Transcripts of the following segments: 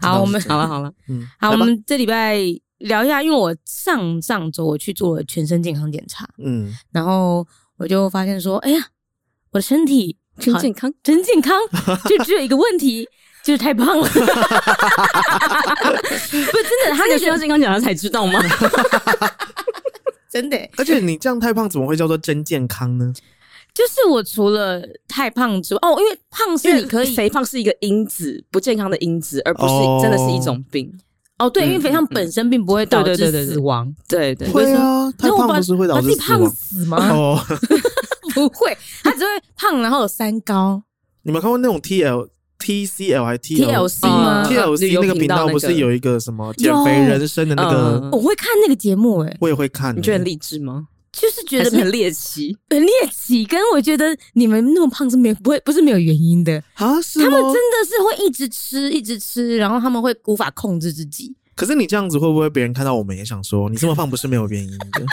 好，我們好了好了，嗯，好，我們這禮拜聊一下，因為我上上周我去做了全身健康檢查，嗯，然後我就發現說，哎呀，我的身體真健，真健康，真健康， 就只有一個問題， 就是太胖了 不是真的，他做健康檢查才知道嗎？真的，而且你這樣太胖，怎麼會叫做真健康呢？就是我除了太胖之外，哦，因為胖是你，你可以肥胖是一個因子，不健康的因子，而不是真的是一種病。哦，哦，對，嗯、因為肥胖本身並不會導致死亡。對對。會啊，太胖不是會導致死亡胖死嗎？哦 ， 不會，他只會胖，然後有三高。 你們看過那種 T L T C L 還是 T L C 嗎、嗯、？T L C、呃、那個頻道不是有一個什麼減肥人生的那個？嗯、我會看那個節目、欸，誒，我也會看。你覺得勵志嗎？就是覺得是很獵奇，很獵奇。跟我覺得你們那麼胖是沒有不會不是沒有原因的啊！是嗎？他們真的是會一直吃一直吃，然後他們會無法控制自己。可是你這樣子會不會別人看到我們也想說你這麼胖不是沒有原因的？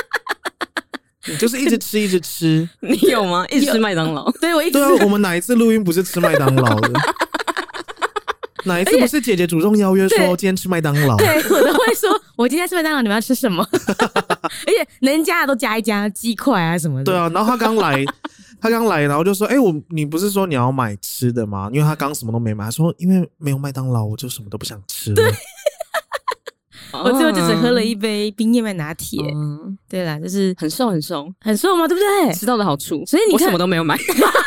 你就是一直吃一直吃， 你有嗎？一直吃麥當勞？ 對，我一直吃。對啊，我們哪一次錄音不是吃麥當勞的？ 哪一次不是姐姐主動邀約說今天吃麥當勞？對，對我都會說， 我今天吃麥當勞，你們要吃什麼？ 而且能加的都加一加，雞塊啊，什麼的？對啊，然後他剛來， 他剛來，然後就說：“哎、欸，我你不是說你要買吃的嗎？因為他剛什麼都沒買，他說因為沒有麥當勞，我就什麼都不想吃。”對， 我最後就只喝了一杯冰燕麥拿鐵，嗯。對啦，就是很瘦，很瘦，很瘦，很瘦嘛，對不對？遲到的好處，所以你什麼都沒有買，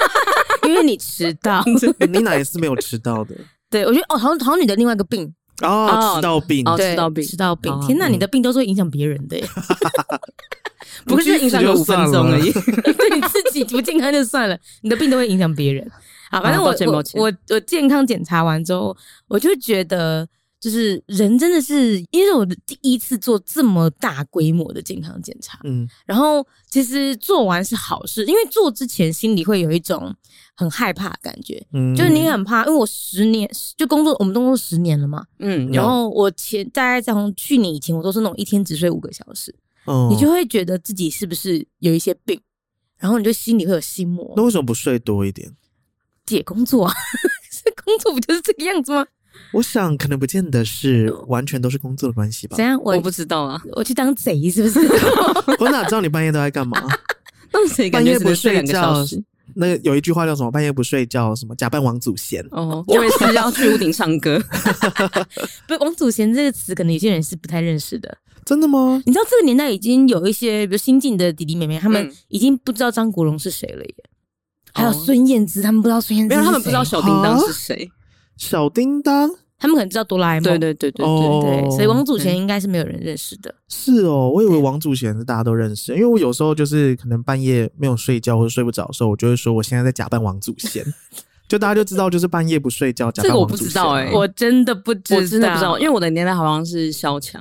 因為你遲到。 你哪一次沒有遲到的？對，我覺得哦，好像好像你的另外一個病哦，哦，吃到病，吃到病，吃到病，哦、天哪、嗯！你的病都是會影響別人的，耶， 不過去就 不去 影響五分鐘而已，而已 對。你自己不健康就算了，你的病都會影響別人。好，反、啊、正我我我我健康檢查完之後，我就覺得。就是人真的是，因為我的第一次做這麼大規模的健康檢查，嗯，然後其實做完是好事，因為做之前心裡會有一種很害怕的感覺，嗯，就是你很怕，因為我十年，就工作，我們都工作十年了嘛，嗯，然後我前大概從去年以前，我都是那種一天只睡五個小時，哦，你就會覺得自己是不是有一些病，然後你就心裡會有心魔，那為什麼不睡多一點？解工作啊， 工作不就是這個樣子嗎？我想可能不見得是完全都是工作的關係吧？怎樣？我，我不知道啊！我去當賊是不是？ 我哪知道你半夜都在幹嘛？ 當賊半夜不睡覺？ 那個有一句話叫什麼？ 半夜不睡覺什,什麼？假扮王祖賢哦，我也是要去屋頂唱歌。 不是，王祖賢這個詞可能有些人是不太認識的。真的嗎？你知道這個年代已經有一些比如新晉的弟弟妹妹，他們、嗯、已經不知道張國榮是誰了耶。Oh. 還有孫燕姿，他們不知道孫燕姿。沒有，他們不知道小叮噹是誰。Oh? 小叮噹，他們可能知道哆啦 A 夢，對對對對對、哦、對對對，所以王祖賢應該是沒有人認識的、嗯。是哦，我以為王祖賢是大家都認識，因為我有時候就是可能半夜沒有睡覺或者睡不着的時候，我就會說我現在在假扮王祖賢， 就大家就知道就是半夜不睡覺假扮王祖賢、啊。這個、我不知道哎、欸，我真的不知道，我真的不知道，因為我的年代好像是蕭薔。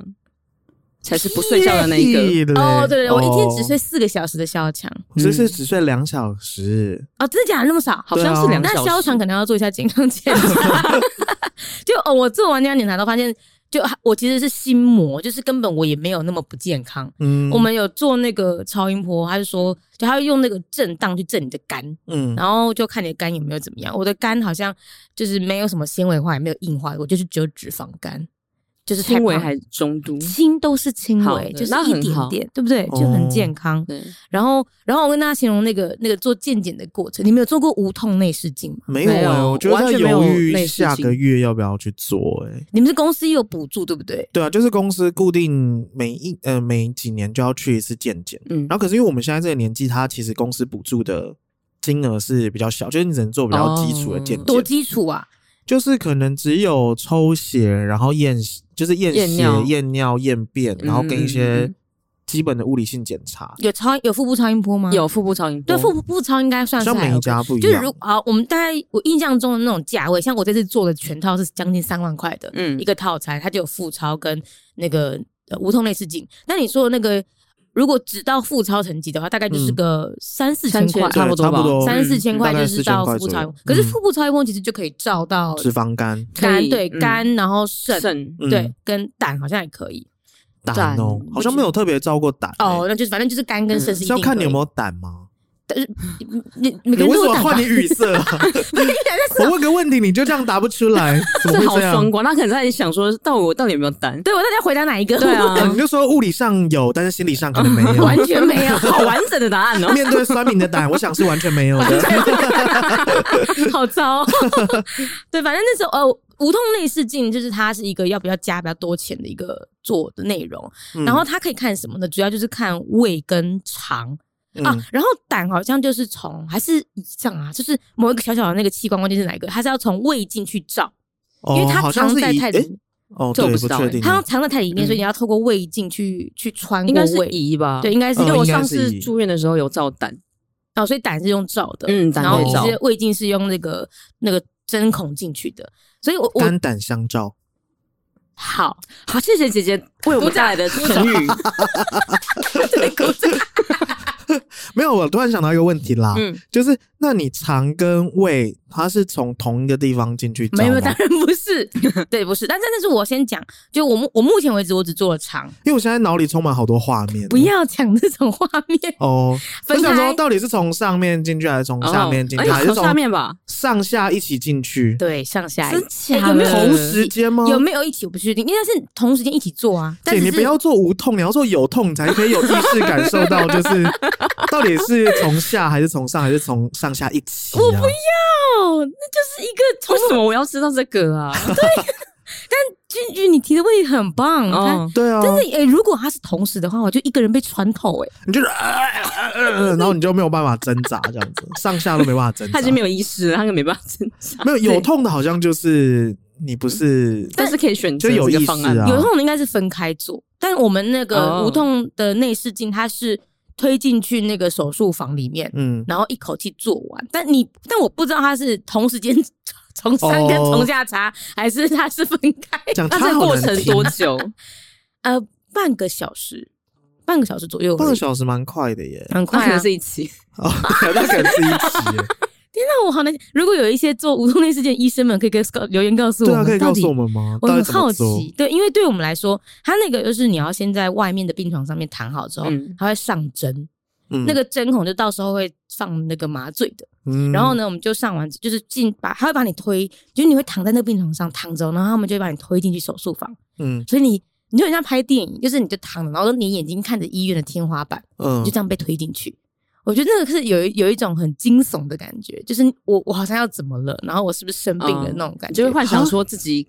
才是不睡覺的那一個哦，對、oh, 對對，oh, 我一天只睡四個小時的蕭薔，只是只睡兩小時哦，嗯 oh, 真的假的？那麼少？好像是兩、啊、小時。那蕭薔可能要做一下健康檢查， 就哦，我做完那檢查都發現，就我其實是心魔，就是根本我也沒有那麼不健康。嗯，我們有做那個超音波，他就說，就他會用那個震盪去震你的肝，嗯，然後就看你的肝有沒有怎麼樣。我的肝好像就是沒有什麼纖維化，也沒有硬化，我就是只有脂肪肝。就是輕微還是中度？輕都是輕微，就是一點點，對不對、嗯？就很健康。然後，然後我跟大家形容那個那個做健檢的過程，你沒有做過無痛內視鏡嗎？沒有、欸，我覺得我在猶豫下個月要不要去做、欸。你們是公司又有補助對不對？對啊，就是公司固定每一呃每幾年就要去一次健檢。嗯，然後可是因為我們現在這個年紀，他其實公司補助的金額是比較小，就是你只能做比較基礎的健檢、哦，多基礎啊。就是可能只有抽血，然後驗就是驗血、驗尿、驗便，然後跟一些基本的物理性檢查。有超，有腹部超音波嗎？有腹部超音波，對，腹部部超音應該算是，OK。像每一家不一樣。就是如啊，我們大概我印象中的那種價位，像我這次做的全套是將近三萬塊的，嗯，一個套餐，它就有腹超跟那個，呃，無痛內視鏡。那你說的那個。如果只到腹超層級的話，大概就是個三四千塊，嗯、千差不多吧。多三四千塊就是到腹超一、嗯，可是腹部超音波其實就可以照到、嗯、脂肪肝、肝對、嗯、肝，然後腎對跟膽好像也可以。膽哦、喔，好像沒有特別照過膽、欸、哦，那就是反正就是肝跟腎是一要看你有沒有膽嗎？你你為什麼換你語塞、啊。 我問個問題，你就這樣答不出來，這 是好風光？那可能在想說，到底我到底有沒有膽？對我到底要回答哪一個？對啊, 啊，你就說物理上有，但是心理上可能沒有， 完全沒有，好完整的答案哦、喔。 面對酸民的膽，我想是完全沒有的，的 好糟。 對，反正那時候呃，無痛內視鏡就是它是一個要不要加比較多錢的一個做的內容、嗯，然後它可以看什麼呢？主要就是看胃跟腸。嗯、啊，然後膽好像就是從還是胰臟啊，就是某一個小小的那個器官，關鍵是哪一個？它是要從胃鏡去照、哦，因為它藏在太裡，哦，這、欸哦、我不知道、欸不，它藏在太裡面、嗯，所以你要透過胃鏡去去穿過，應該是胃儀吧？對，應該是、哦，因為我上次住院的時候有照膽啊、嗯哦，所以膽是用照的，嗯，然後直接胃鏡是用那個那個針孔進去的，所以我肝膽相照，好，好，謝謝姐姐為我們帶來的成語。 沒有，我突然想到一個問題啦，嗯，就是那你腸跟胃它是從同一個地方進去？的？沒有嗎，當然不是，對，不是。但真的是我先講，就我我目前為止我只做了腸，因為我現在腦裡充滿好多畫面。不要講這種畫面哦。Oh, 分享說，到底是從上面進去還是從下面進去？Oh, 還是從上、下從上面吧？上下一起進去？對，上下一起。有沒有同時間嗎？有沒有一起？我不確定，應該是同時間一起做啊。姐，但是是你不要做無痛，你要做有痛你才可以有意識感受到，就是。 到底是從下還是從上，還是從上下一起、啊？我不要，那就是一個從……為什麼我要知道這個啊！ 對，但駒駒，你提的問題很棒啊、嗯！對啊，真的、欸、如果他是同時的話，我就一個人被穿透哎，你就、呃呃呃，然後你就沒有辦法掙扎，這樣子 上下都沒辦法掙扎， 他已經沒有意識了，他就沒辦法掙扎。沒有有痛的，好像就是你不是，嗯但，啊、但是可以選擇有一個方案，有痛的應該是分開做，但我們那個、哦、無痛的內視鏡，它是。推進去那個手術房裡面，嗯，然後一口氣做完、嗯。但你，但我不知道他是同時間從上跟從下插、哦，還是他是分開？講插過程多久？ 呃，半個小時，半個小時左右。半個小時蠻快的耶，蠻快、啊，的。是一起？哦，那可能是一起。那我好難。如果有一些做無痛內視鏡醫生們，可以給留言告訴我們、啊到底，可以告訴我們嗎？我很好奇。對，因為對我們來說，他那個就是你要先在外面的病床上面躺好之後，嗯、他會上針、嗯，那個針孔就到時候會上那個麻醉的、嗯。然後呢，我們就上完，就是進把，他會把你推，就是你會躺在那個病床上躺着，然後他們就會把你推進去手術房、嗯。所以你你就很像拍電影，就是你就躺着，然後你眼睛看着醫院的天花板，嗯、就這樣被推進去。我覺得那個是有一有一種很驚悚的感覺，就是我我好像要怎麼了，然後我是不是生病了、嗯、那種感覺，就會幻想說自己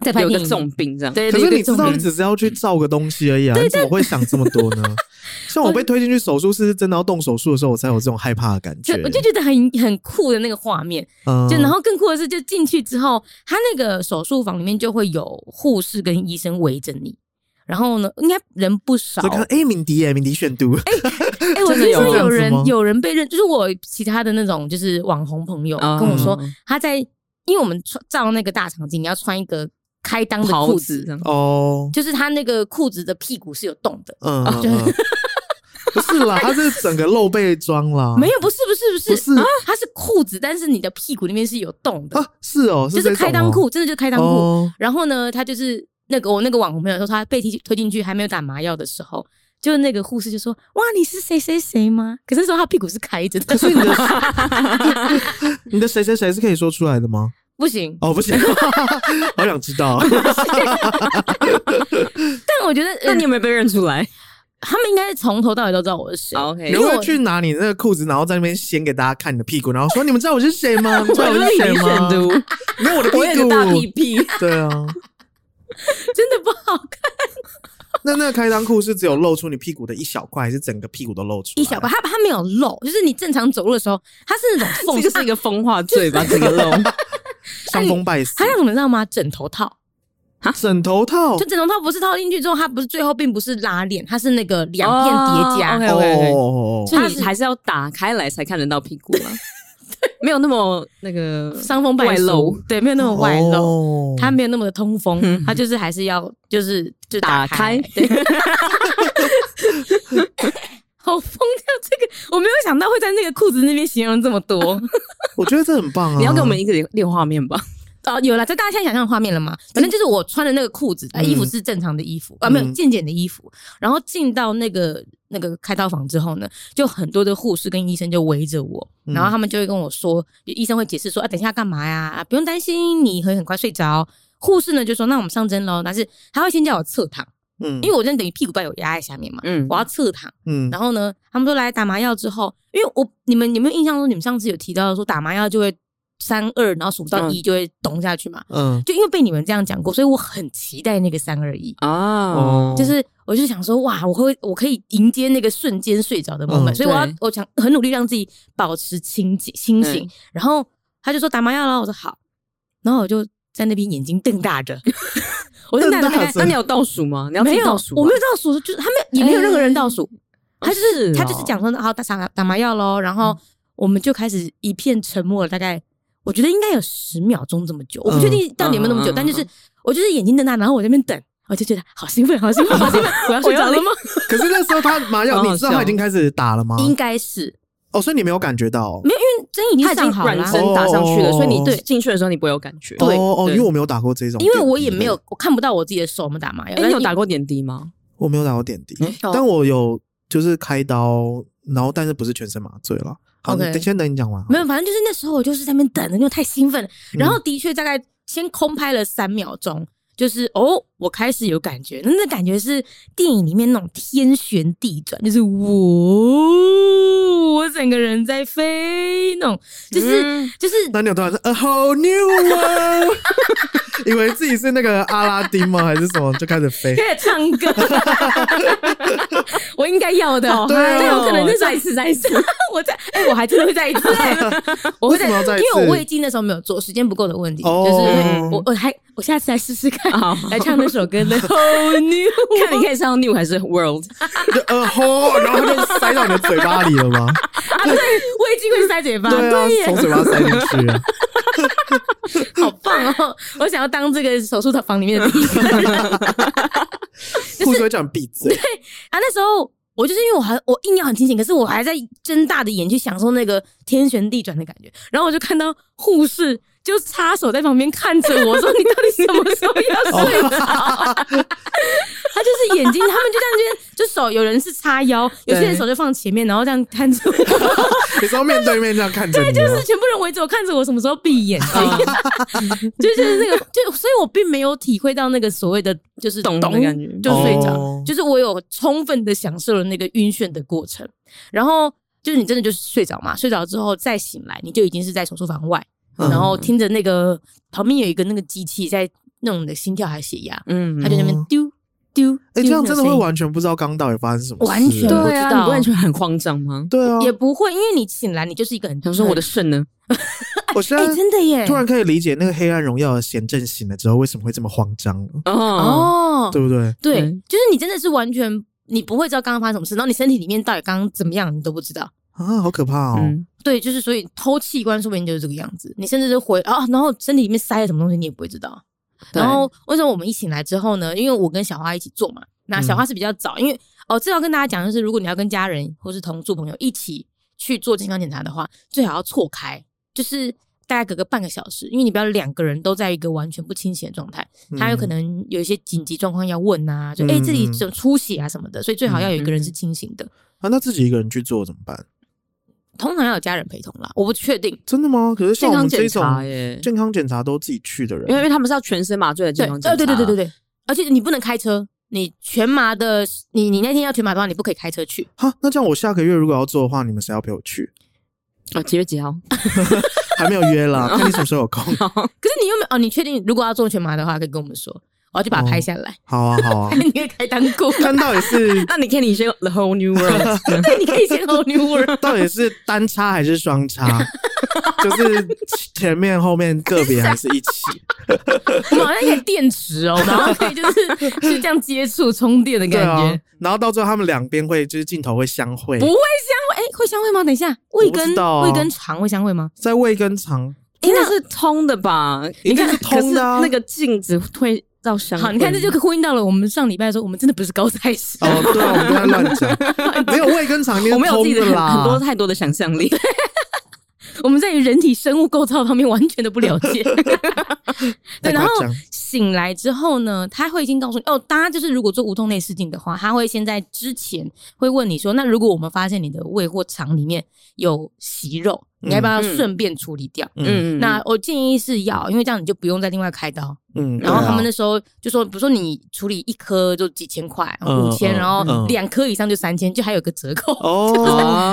在得重病這樣。可是你知道，你只是要去照個東西而已啊，對對對，你怎麼會想這麼多呢？ 像我被推進去手術室，真的要動手術的時候，我才有這種害怕的感覺。我就覺得很很酷的那個畫面、嗯，就然後更酷的是，就進去之後，他那個手術房裡面就會有護士跟醫生圍着你。然後呢，應該人不少。哎、欸，敏迪、欸，哎，敏迪選讀。哎、欸欸、我就說有人有人被認，就是我其他的那種就是網紅朋友跟我說，嗯、他在因為我們穿照那個大場景，你要穿一個開襠的褲子、子。哦，就是他那個褲子的屁股是有洞的。嗯，就是、嗯 不是啦，他是整個露背裝啦。 沒有，不是，不，是不是，不是，不是，不是，他是褲子，但是你的屁股那邊是有洞的。啊，是哦，是哦，就是開襠褲，真的就是開襠褲、哦。然後呢，他就是。那個我那個網紅朋友說，他被推推進去還沒有打麻藥的時候，就是那個護士就說：“哇，你是誰誰誰嗎？”可是那時候他屁股是開着的， 你的誰誰誰是可以說出來的嗎？不行哦，不行， 好想知道。 但我覺得，那 你有沒有被認出來？ 他們應該是從頭到尾都知道我是誰。ok 你如果去拿你那個褲子，然後在那邊掀給大家看你的屁股，然後說：“你們知道我是誰嗎？你知道我是誰嗎？”我讓你選讀，沒有我的褲子，我的大屁屁。 對啊。 真的不好看。 那那個開襠褲是只有露出你屁股的一小塊，還是整個屁股都露出？一小塊，它它沒有露，就是你正常走路的時候，它是那種縫， 是一個風化罪吧， 整個露。傷 風敗俗。它那種你們知道嗎？枕頭套啊，枕頭套，就枕頭套不是套進去之後，它不是最後並不是拉鏈，它是那個兩片疊加，所以你還是要打開來才看得到屁股啊。 沒有那麼那個傷風敗露，對，沒有那麼外露，它、哦、沒有那麼的通風，它、嗯、就是還是要就是就打開。對 好瘋掉，這個我沒有想到會在那個褲子那邊形容這麼多。 我覺得這很棒啊！你要給我們一個連畫面吧。哦，有了，這大家現在想象畫面了嗎？反正就是我穿的那個褲子、嗯啊，衣服是正常的衣服、嗯嗯、啊，沒有健檢的衣服。然後進到那個那個開刀房之後呢，就很多的護士跟醫生就圍着我，然後他們就會跟我說，嗯、醫生會解釋說啊，等一下幹嘛呀？不用擔心，你會很快睡着。護士呢就說，那我們上針嘍。但是他會先叫我側躺，嗯，因為我真的等於屁股被我壓在下面嘛，嗯，我要側躺，嗯。然後呢，他們說來打麻藥之後，因為我你們有沒有印象中，你們上次有提到說打麻藥就會。三二，然後數到一就會咚下去嘛。嗯，就因為被你們這樣講過，所以我很期待那個三二一啊。就是，我就想說，哇，我會，我可以迎接那個瞬間睡着的 moment，嗯。所以我要，我想很努力讓自己保持清醒。清醒。嗯、然後他就說打麻藥咯，我說好。然後我就在那邊眼睛瞪大着。我就在那，你有倒數嗎？你要倒數？啊？沒有，我沒有倒數，就是他們、欸、也沒有任何人倒數，他就是、哦、他就是講說，好打打打麻藥嘍。然後我們就開始一片沉默，了，大概。我覺得應該有十秒鐘這麼久，嗯、我不確定到底有沒有那麼久，嗯嗯、但就是、嗯、我就是眼睛瞪大，然後我在那邊等、嗯，我就覺得好興奮，好興奮，好興奮、嗯，我要睡覺了嗎， 要了嗎？可是那時候他麻藥， 你知道他已經開始打了嗎？應該是哦，所以你沒有感覺到，沒有，因為針已經上好了軟針打上去了，哦、所以你進、哦、去的時候你不會有感覺。對哦哦，因為我沒有打過這種，因為我也沒有，我看不到我自己的手，我們打麻藥。那、欸、你有打過點滴嗎？欸、我沒有打過點滴、嗯，但我有就是開刀，然後但是不是全身麻醉了。嗯嗯 OK，先等你講完。沒有，反正就是那時候我就是在那邊等了，因為我太興奮了。然後的確大概先空拍了三秒鐘，嗯、就是哦。我開始有感覺，那那感覺是電影裡面那種天旋地轉，就是我我整個人在飛，那種就是就是。Daniel 說：“呃、就是，A whole new world！” 以為自己是那個阿拉丁嗎？ 還是什麼？就開始飛，開始唱歌。 我應該要的、喔啊、對哦，那我可能就再一次，再一次。 我在哎、欸，我還真的會再一次，欸。 我會在，為什麼要再一次？因為我我已經那時候沒有做，時間不夠的問題。哦、就是我我還我下次再試試看好好，來唱歌。首歌《The Whole New》，看你可以唱 New 還是 World？ 啊呃、然後就塞到你的嘴巴裡了嗎？啊，對，我已經會塞嘴巴，對，對啊，從嘴巴塞進去了。好棒哦！我想要當這個手術的房裡面的醫生。護 士、就是、會講閉嘴。對啊，那時候我就是因為我還我硬要很清醒，可是我還在睜大的眼去享受那個天旋地轉的感覺，然後我就看到護士。就插手在旁邊看着我，說：“你到底什麼時候要睡着啊？”他就是眼睛，他們就這樣就，就手有人是叉腰，有些人手就放前面，然後這樣看着我。有時候面對面這樣看着我。對，就是全部人圍着我看着我什麼時候閉眼睛 就是那個，就所以我並沒有體會到那個所謂的就是懂懂的感覺，就睡着，就是我有充分的享受了那個暈眩的過程。然後就是你真的就是睡着嘛？睡着之後再醒來，你就已經是在手術房外。嗯、然後聽着那個旁邊有一個那個機器在弄你的心跳還血壓，嗯，他就在那邊丟丟，哎、欸，這樣真的會完全不知道剛到底發生什麼，完全不、啊、知道，你不完全很慌張嗎？對啊，也不會，因為你醒來你就是一個人，比如說我的腎呢、 欸，我現在真的耶，突然可以理解那個黑暗榮耀的賢陣醒了之後為什麼會這麼慌張哦、嗯、哦，對不對，對？對，就是你真的是完全你不會知道剛剛發生什麼事，然後你身體裡面到底剛怎麼樣你都不知道啊，好可怕哦。嗯對，就是所以偷器官，說不定就是這個樣子。你甚至是回啊、哦，然後身體裡面塞了什麼東西，你也不會知道。然後為什麼我們一醒來之後呢？因為我跟小花一起做嘛。那小花是比較早，嗯、因為哦，這要跟大家講的是，如果你要跟家人或是同住朋友一起去做健康檢查的話，最好要錯開，就是大概隔個半個小時，因為你不要兩個人都在一個完全不清醒的狀態、嗯，他有可能有一些緊急狀況要問啊，就哎、嗯欸、這裡有出血啊什麼的，所以最好要有一個人是清醒的。嗯嗯、啊，那自己一個人去做怎麼辦？通常要有家人陪同啦，我不確定。真的嗎？可是像我們這種健、欸，健康檢查都自己去的人，因為他們是要全身麻醉的健康檢查、啊對，對對對對對，而且你不能開車，你全麻的，你你那天要全麻的話，你不可以開車去。好，那這樣我下個月如果要做的話，你們誰要陪我去？啊、哦，幾月幾號？ 還沒有約啦，那 你什麼時候有空？ 可是你又沒有？哦，你確定？如果要做全麻的話，可以跟我們說。我要去把它拍下來。哦、好，啊好啊，好啊。你可以開單過，但到底是？ 那你看你先 the whole new world。 對，你可以先 whole new world。 到底是單插還是雙插？ 就是前面後面個別還是一起？好像有個電池哦、喔，然後可以就是 就這樣接觸充電的感覺。啊、然後到最後，他們兩邊會就是鏡頭會相會，不會相會？哎、欸，會相會嗎？等一下，胃跟、啊、胃跟腸會相會嗎？在胃跟腸應該是通的吧？應、欸、該是通的、啊。那個鏡子會。好，你看這就呼應到了我們上禮拜的時候，我們真的不是高材生、嗯、哦，對、啊，我們亂講， 沒有胃跟我們有自己的很，很多太多的想象力，我們在人體生物構造方面完全都不了解， 對，然後。醒來之後呢，他會先告訴你哦。大家就是，如果做無痛內視鏡的話，他會先在之前會問你說，那如果我們發現你的胃或腸裡面有息肉，你要不要順便處理掉？嗯，嗯。那我建議是要，因為這樣你就不用再另外開刀。嗯。然後他們那時候、嗯啊、就說，比如說你處理一顆就幾千塊，五千，嗯嗯、然後兩顆以上就三千，嗯、就還有一個折扣哦，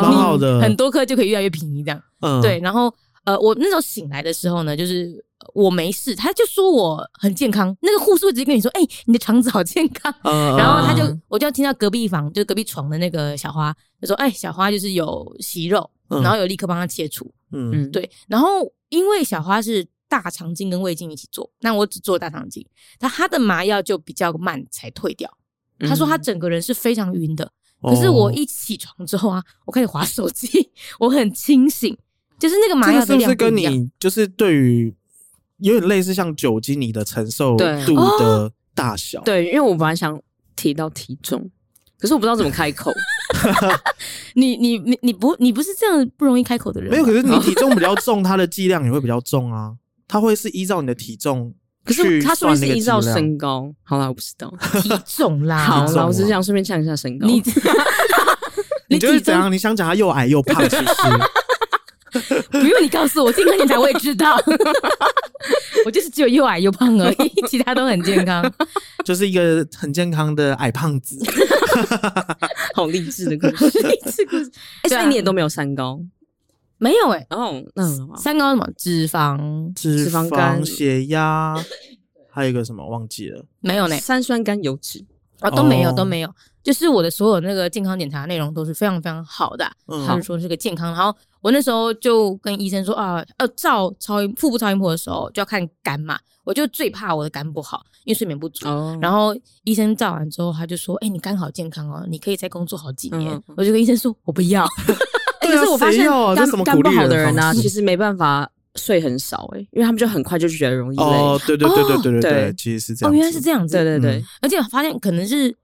很好的，很多顆就可以越來越便宜，這樣。嗯。對，然後。呃，我那時候醒來的時候呢，就是我沒事，他就說我很健康。那個護士會直接跟你說：“哎、欸，你的腸子好健康。Uh ” -uh. 然後他就我就要聽到隔壁房，就隔壁床的那個小花就說：“哎、欸，小花就是有息肉，uh -huh. 然後有立刻幫他切除。Uh ”嗯 -huh. 對。然後因為小花是大腸鏡跟胃鏡一起做，那我只做大腸鏡，但他的麻藥就比較慢才退掉。Uh -huh. 他說他整個人是非常暈的，可是我一起床之後啊，uh -huh. 我開始滑手機，我很清醒。就是那個麻藥是不是跟你就是對於有點類似像酒精，你的承受度、哦、的大小？對，因為我本來想提到體重，可是我不知道怎麼開口。 你你你你不你不是這樣不容易開口的人？沒有，可是你體重比較重，它的劑量也會比較重啊。它會是依照你的體重，可是他說是，是依照身高。好了，我不知道體重啦。好，我只是想順便嗆一下身高。你 你就是怎樣？你想講他又矮又胖？其實。 不用你告訴我，今天你才我知道。 我就是只有又矮又胖而已，其他都很健康， 就是一個很健康的矮胖子。 好勵志的故事，勵志故事。欸啊、所以你也都沒有三高？沒有哎、欸，哦，那什麼三高什麼？脂肪、脂肪肝、血壓， 還有一個什麼忘記了？沒有呢，三酸甘油脂哦，都沒有，oh. 都沒有。就是我的所有那個健康檢查內容都是非常非常好的，他們說這個健康。然後我那時候就跟醫生說啊，啊，要照超音腹部超音波的時候就要看肝嘛，我就最怕我的肝不好，因為睡眠不足。然後醫生照完之後，他就說：“哎，你肝好健康哦，喔，你可以再工作好幾年。”我就跟醫生說：“我不要。”可是我發現肝不好的人呢，啊，其實沒辦法睡很少，哎，因為他們就很快就覺得容易累。哦，哦，對對對對對對，對，其實是這樣。哦，原來是這樣子。對對對，對，嗯，而且我發現可能是。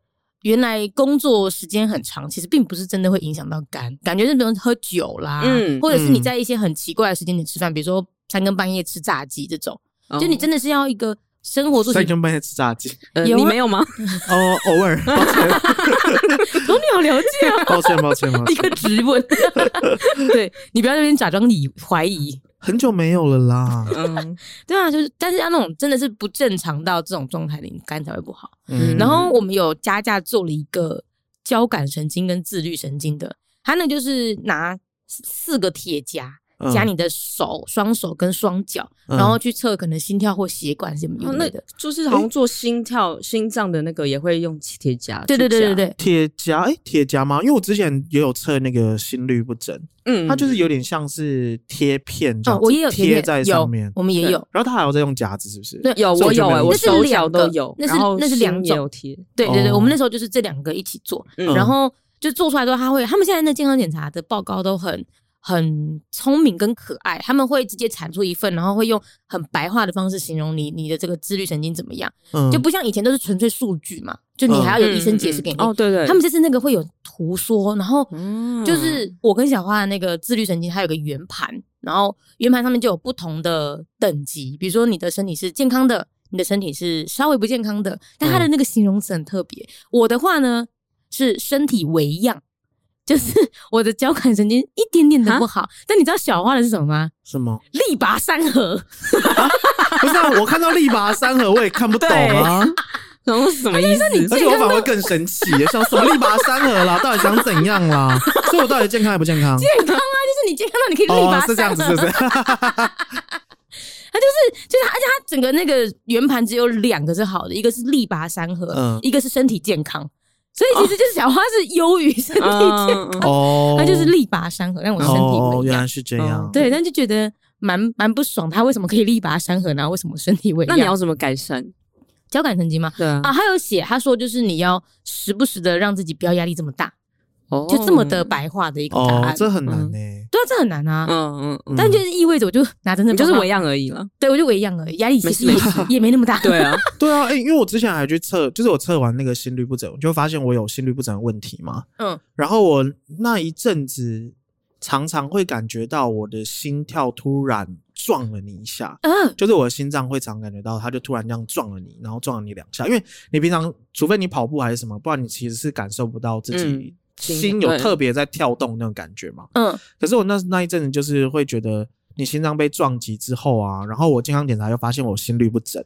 原來工作時間很長，其實並不是真的會影響到肝，感覺是比如喝酒啦、嗯，或者是你在一些很奇怪的時間點吃飯、嗯，比如說三更半夜吃炸雞這種、哦，就你真的是要一個生活作息。三更半夜吃炸雞、呃啊，你沒有嗎？哦，偶爾。抱歉。哈、 哦，你好了解啊，哈、啊，哈，哈，哈，哈，哈，抱歉，抱歉，抱歉，哈，哈 一個質問，哈， 哈，哈，哈，哈，哈，哈，哈，對，你不要在那邊假裝你懷疑很久沒有了啦，嗯，對啊，就是，但是要那種真的是不正常到這種狀態，你肝才會不好。嗯，然後我們有加價做了一個交感神經跟自律神經的，他呢就是拿四個鐵夾。夾你的手、雙、嗯、手跟雙腳、嗯，然後去測可能心跳或血管什麼之類的，就是好像做心跳、哦、心臟的那個也會用鐵夾。對對對對對，鐵夾哎，鐵夾嗎？因為我之前也有測那個心律不整，嗯，嗯，它就是有點像是貼片哦，我也有貼在上面，我們也有。然後他還有在用夾子，是不是？對，有我有、欸，我手腳都有，那是那是兩腳貼。對對對，對、哦，我們那時候就是這兩個一起做、嗯，然後就做出來之後，他會他們現在那健康檢查的報告都很。很聰明跟可愛，他們會直接產出一份，然後會用很白話的方式形容你，你的這個自律神經怎麼樣，嗯、就不像以前都是純粹數據嘛，就你還要有醫生解釋給你。嗯嗯、哦，對對對他們就是那個會有圖說，然後就是我跟小花的那個自律神經，它有個圓盤，然後圓盤上面就有不同的等級，比如說你的身體是健康的，你的身體是稍微不健康的，但它的那個形容詞很特別、嗯。我的話呢是身體微恙。就是我的交感神經一點點都不好，但你知道小花的是什麼嗎？什麼？力拔山河、啊。不是啊，我看到力拔山河，我也看不懂啊，懂什麼意思？而且，說你而且我反而更神奇、欸，想什麼力拔山河啦？ 到底想怎樣啦、啊？所以我到底健康還不健康？健康啊，就是你健康到你可以力拔山河、哦、是這樣子，是不是？他就是，就是，而且他整個那個圓盤只有兩個是好的，一個是力拔山河、嗯，一個是身體健康。所以其實就是小花是優於身體健康，他就是力拔山河，讓我身體，身體哦，哦，哦，原來是這樣。嗯、對，但就覺得蠻蠻不爽她，他為什麼可以力拔山河呢？然後為什麼身體不，那你要怎麼改善？交感神經嗎？對啊。她有寫他說就是你要時不時的讓自己不要壓力這麼大。就這麼的白話的一個答案，哦、這很難呢、欸嗯。對啊，這很難啊。嗯嗯。但就是意味着，我就拿着那個，就是我一樣而已了。對，我就我一樣而已，壓力其實沒事沒事沒事也沒那麼大。對啊， 對啊。哎、欸，因為我之前還去測，就是我測完那個心律不整，就發現我有心律不整的問題嘛。嗯。然後我那一陣子常常會感覺到我的心跳突然撞了你一下。嗯。就是我的心臟會常感覺到，它就突然這樣撞了你，然後撞了你兩下。因為你平常除非你跑步還是什麼，不然你其實是感受不到自己。嗯心有特別在跳動那種感覺嘛？嗯，可是我那那一陣子就是會覺得你心臟被撞擊之後啊，然後我健康檢查又發現我心率不整，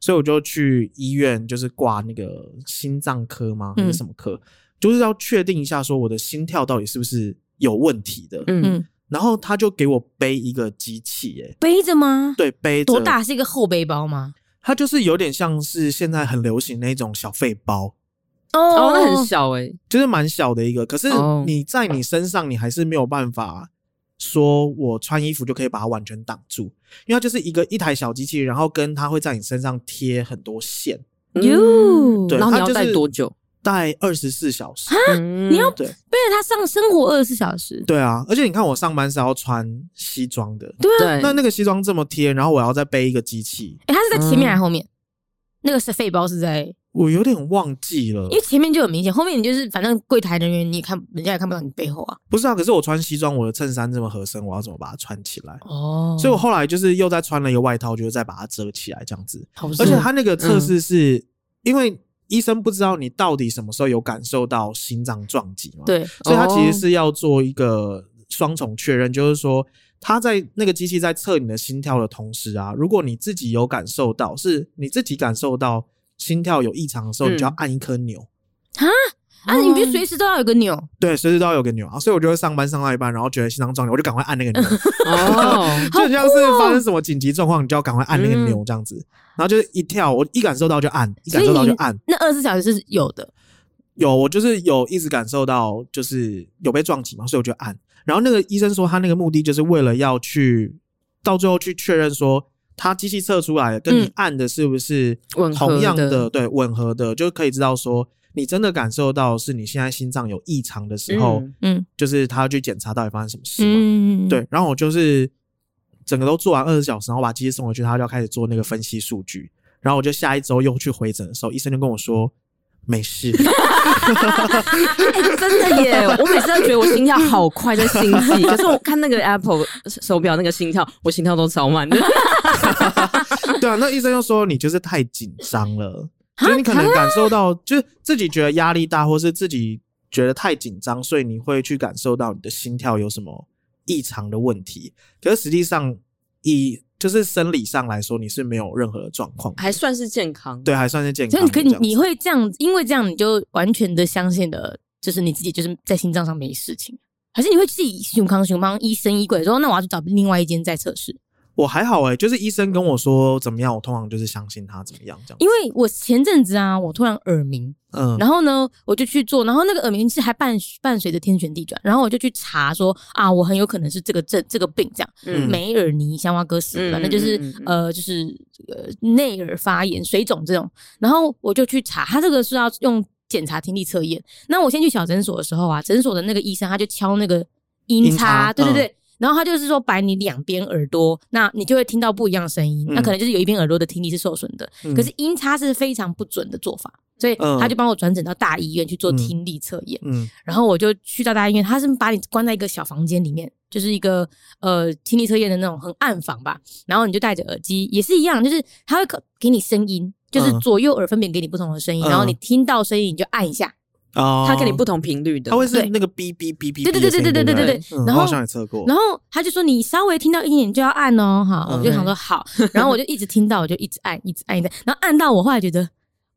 所以我就去醫院就是掛那個心臟科嗎？還是什麼科？嗯、就是要確定一下說我的心跳到底是不是有問題的？嗯，然後他就給我背一個機器、欸，背着嗎？對，背着多大？是一個厚背包嗎？它就是有點像是現在很流行那一種小廢包。哦、oh, oh, 那很小哎、欸，就是蠻小的一個。可是你在你身上，你還是沒有辦法說，我穿衣服就可以把它完全擋住，因為它就是一個一台小機器，然後跟它會在你身上貼很多線。喲、嗯，對，然後你要戴多久？戴二十四小時啊、嗯？你要背着它上生活二十四小時？對啊，而且你看我上班是要穿西裝的，對、啊、那那個西裝這麼貼，然後我要再背一個機器，哎、欸，它是在前面還是後面？嗯、那個是肺包是在？我有點忘記了，因為前面就很明顯，後面你就是反正櫃檯人員你也看，你看人家也看不到你背後啊。不是啊，可是我穿西裝，我的襯衫這麼合身，我要怎麼把它穿起來？哦，所以我後來就是又再穿了一個外套，就是再把它遮起來這樣子。好，而且他那個測試是，嗯，因為醫生不知道你到底什麼時候有感受到心臟撞擊嘛，對，哦，所以他其實是要做一個雙重確認，就是說他在那個機器在測你的心跳的同時啊，如果你自己有感受到，是你自己感受到。心跳有異常的時候，嗯，你就要按一顆鈕啊！啊，嗯、你不是隨時都要有個鈕？對，隨時都要有個鈕啊！所以我就會上班上到一半，然後覺得心臟撞了，我就趕快按那個鈕。嗯、 哦，就像是發生什麼緊急狀況，嗯、你就要趕快按那個鈕這樣子，然後就是一跳，我一感受到就按，嗯、一感受到就按。那二十四小時是有的？有，我就是有一直感受到，就是有被撞擊嘛，所以我就按。然後那個醫生說，他那個目的就是為了要去到最後去確認說。他機器測出來跟你按的是不是、嗯、同樣的？對，吻合的就可以知道說你真的感受到是你現在心臟有異常的時候，嗯，嗯就是他去檢查到底發生什麼事嘛、嗯。對，然後我就是整個都做完二十小時，然後把機器送回去，他就要開始做那個分析數據。然後我就下一周又去回診的時候，醫生就跟我說。沒事 欸，真的耶！我每次都覺得我心跳好快，的 心悸。可是我看那個 Apple 手錶那個心跳，我心跳都超慢的。 對啊，那醫生又說你就是太緊張了， 就是你可能感受到，就是自己覺得壓力大，或是自己覺得太緊張，所以你會去感受到你的心跳有什麼異常的問題。可是實際上，一。就是生理上來說，你是沒有任何的狀況，還算是健康，對，還算是健康。所以，可你你會這樣，因為這樣你就完全的相信的，就是你自己，就是在心臟上沒事情，還是你會自己胸腔、胸腔疑神疑鬼，說那我要去找另外一間再測試。我還好哎、欸，就是醫生跟我說怎麼樣，我通常就是相信他怎麼樣這樣。因為我前陣子啊，我突然耳鳴，嗯，然後呢，我就去做，然後那個耳鳴是還伴伴隨着天旋地轉，然後我就去查說啊，我很有可能是這個症這個病這樣，嗯，梅爾尼香瓜哥斯，反、嗯、正就是、嗯、呃就是這個內耳發炎水腫這種，然後我就去查，他這個是要用檢查聽力測驗。那我先去小診所的時候啊，診所的那個醫生他就敲那個音叉，音叉對對對。嗯然後他就是說擺你兩邊耳朵，那你就會聽到不一樣的聲音，嗯、那可能就是有一邊耳朵的聽力是受損的、嗯。可是音叉是非常不準的做法，所以他就幫我轉診到大醫院去做聽力測驗。嗯嗯、然後我就去到大醫院，他是把你關在一個小房間裡面，就是一個呃聽力測驗的那種很暗房吧。然後你就戴着耳機，也是一樣，就是他會給你聲音，就是左右耳分別給你不同的聲音，嗯、然後你聽到聲音你就按一下。它他跟你不同頻率的，他會是那個嗶嗶嗶嗶，對對對對對對對對對。然後好像也測過，然後他就說你稍微聽到一點就要按哦、喔，好，我就想說好，然後我就一直聽到，我就一直按，一直按，一直，然後按到我後來覺得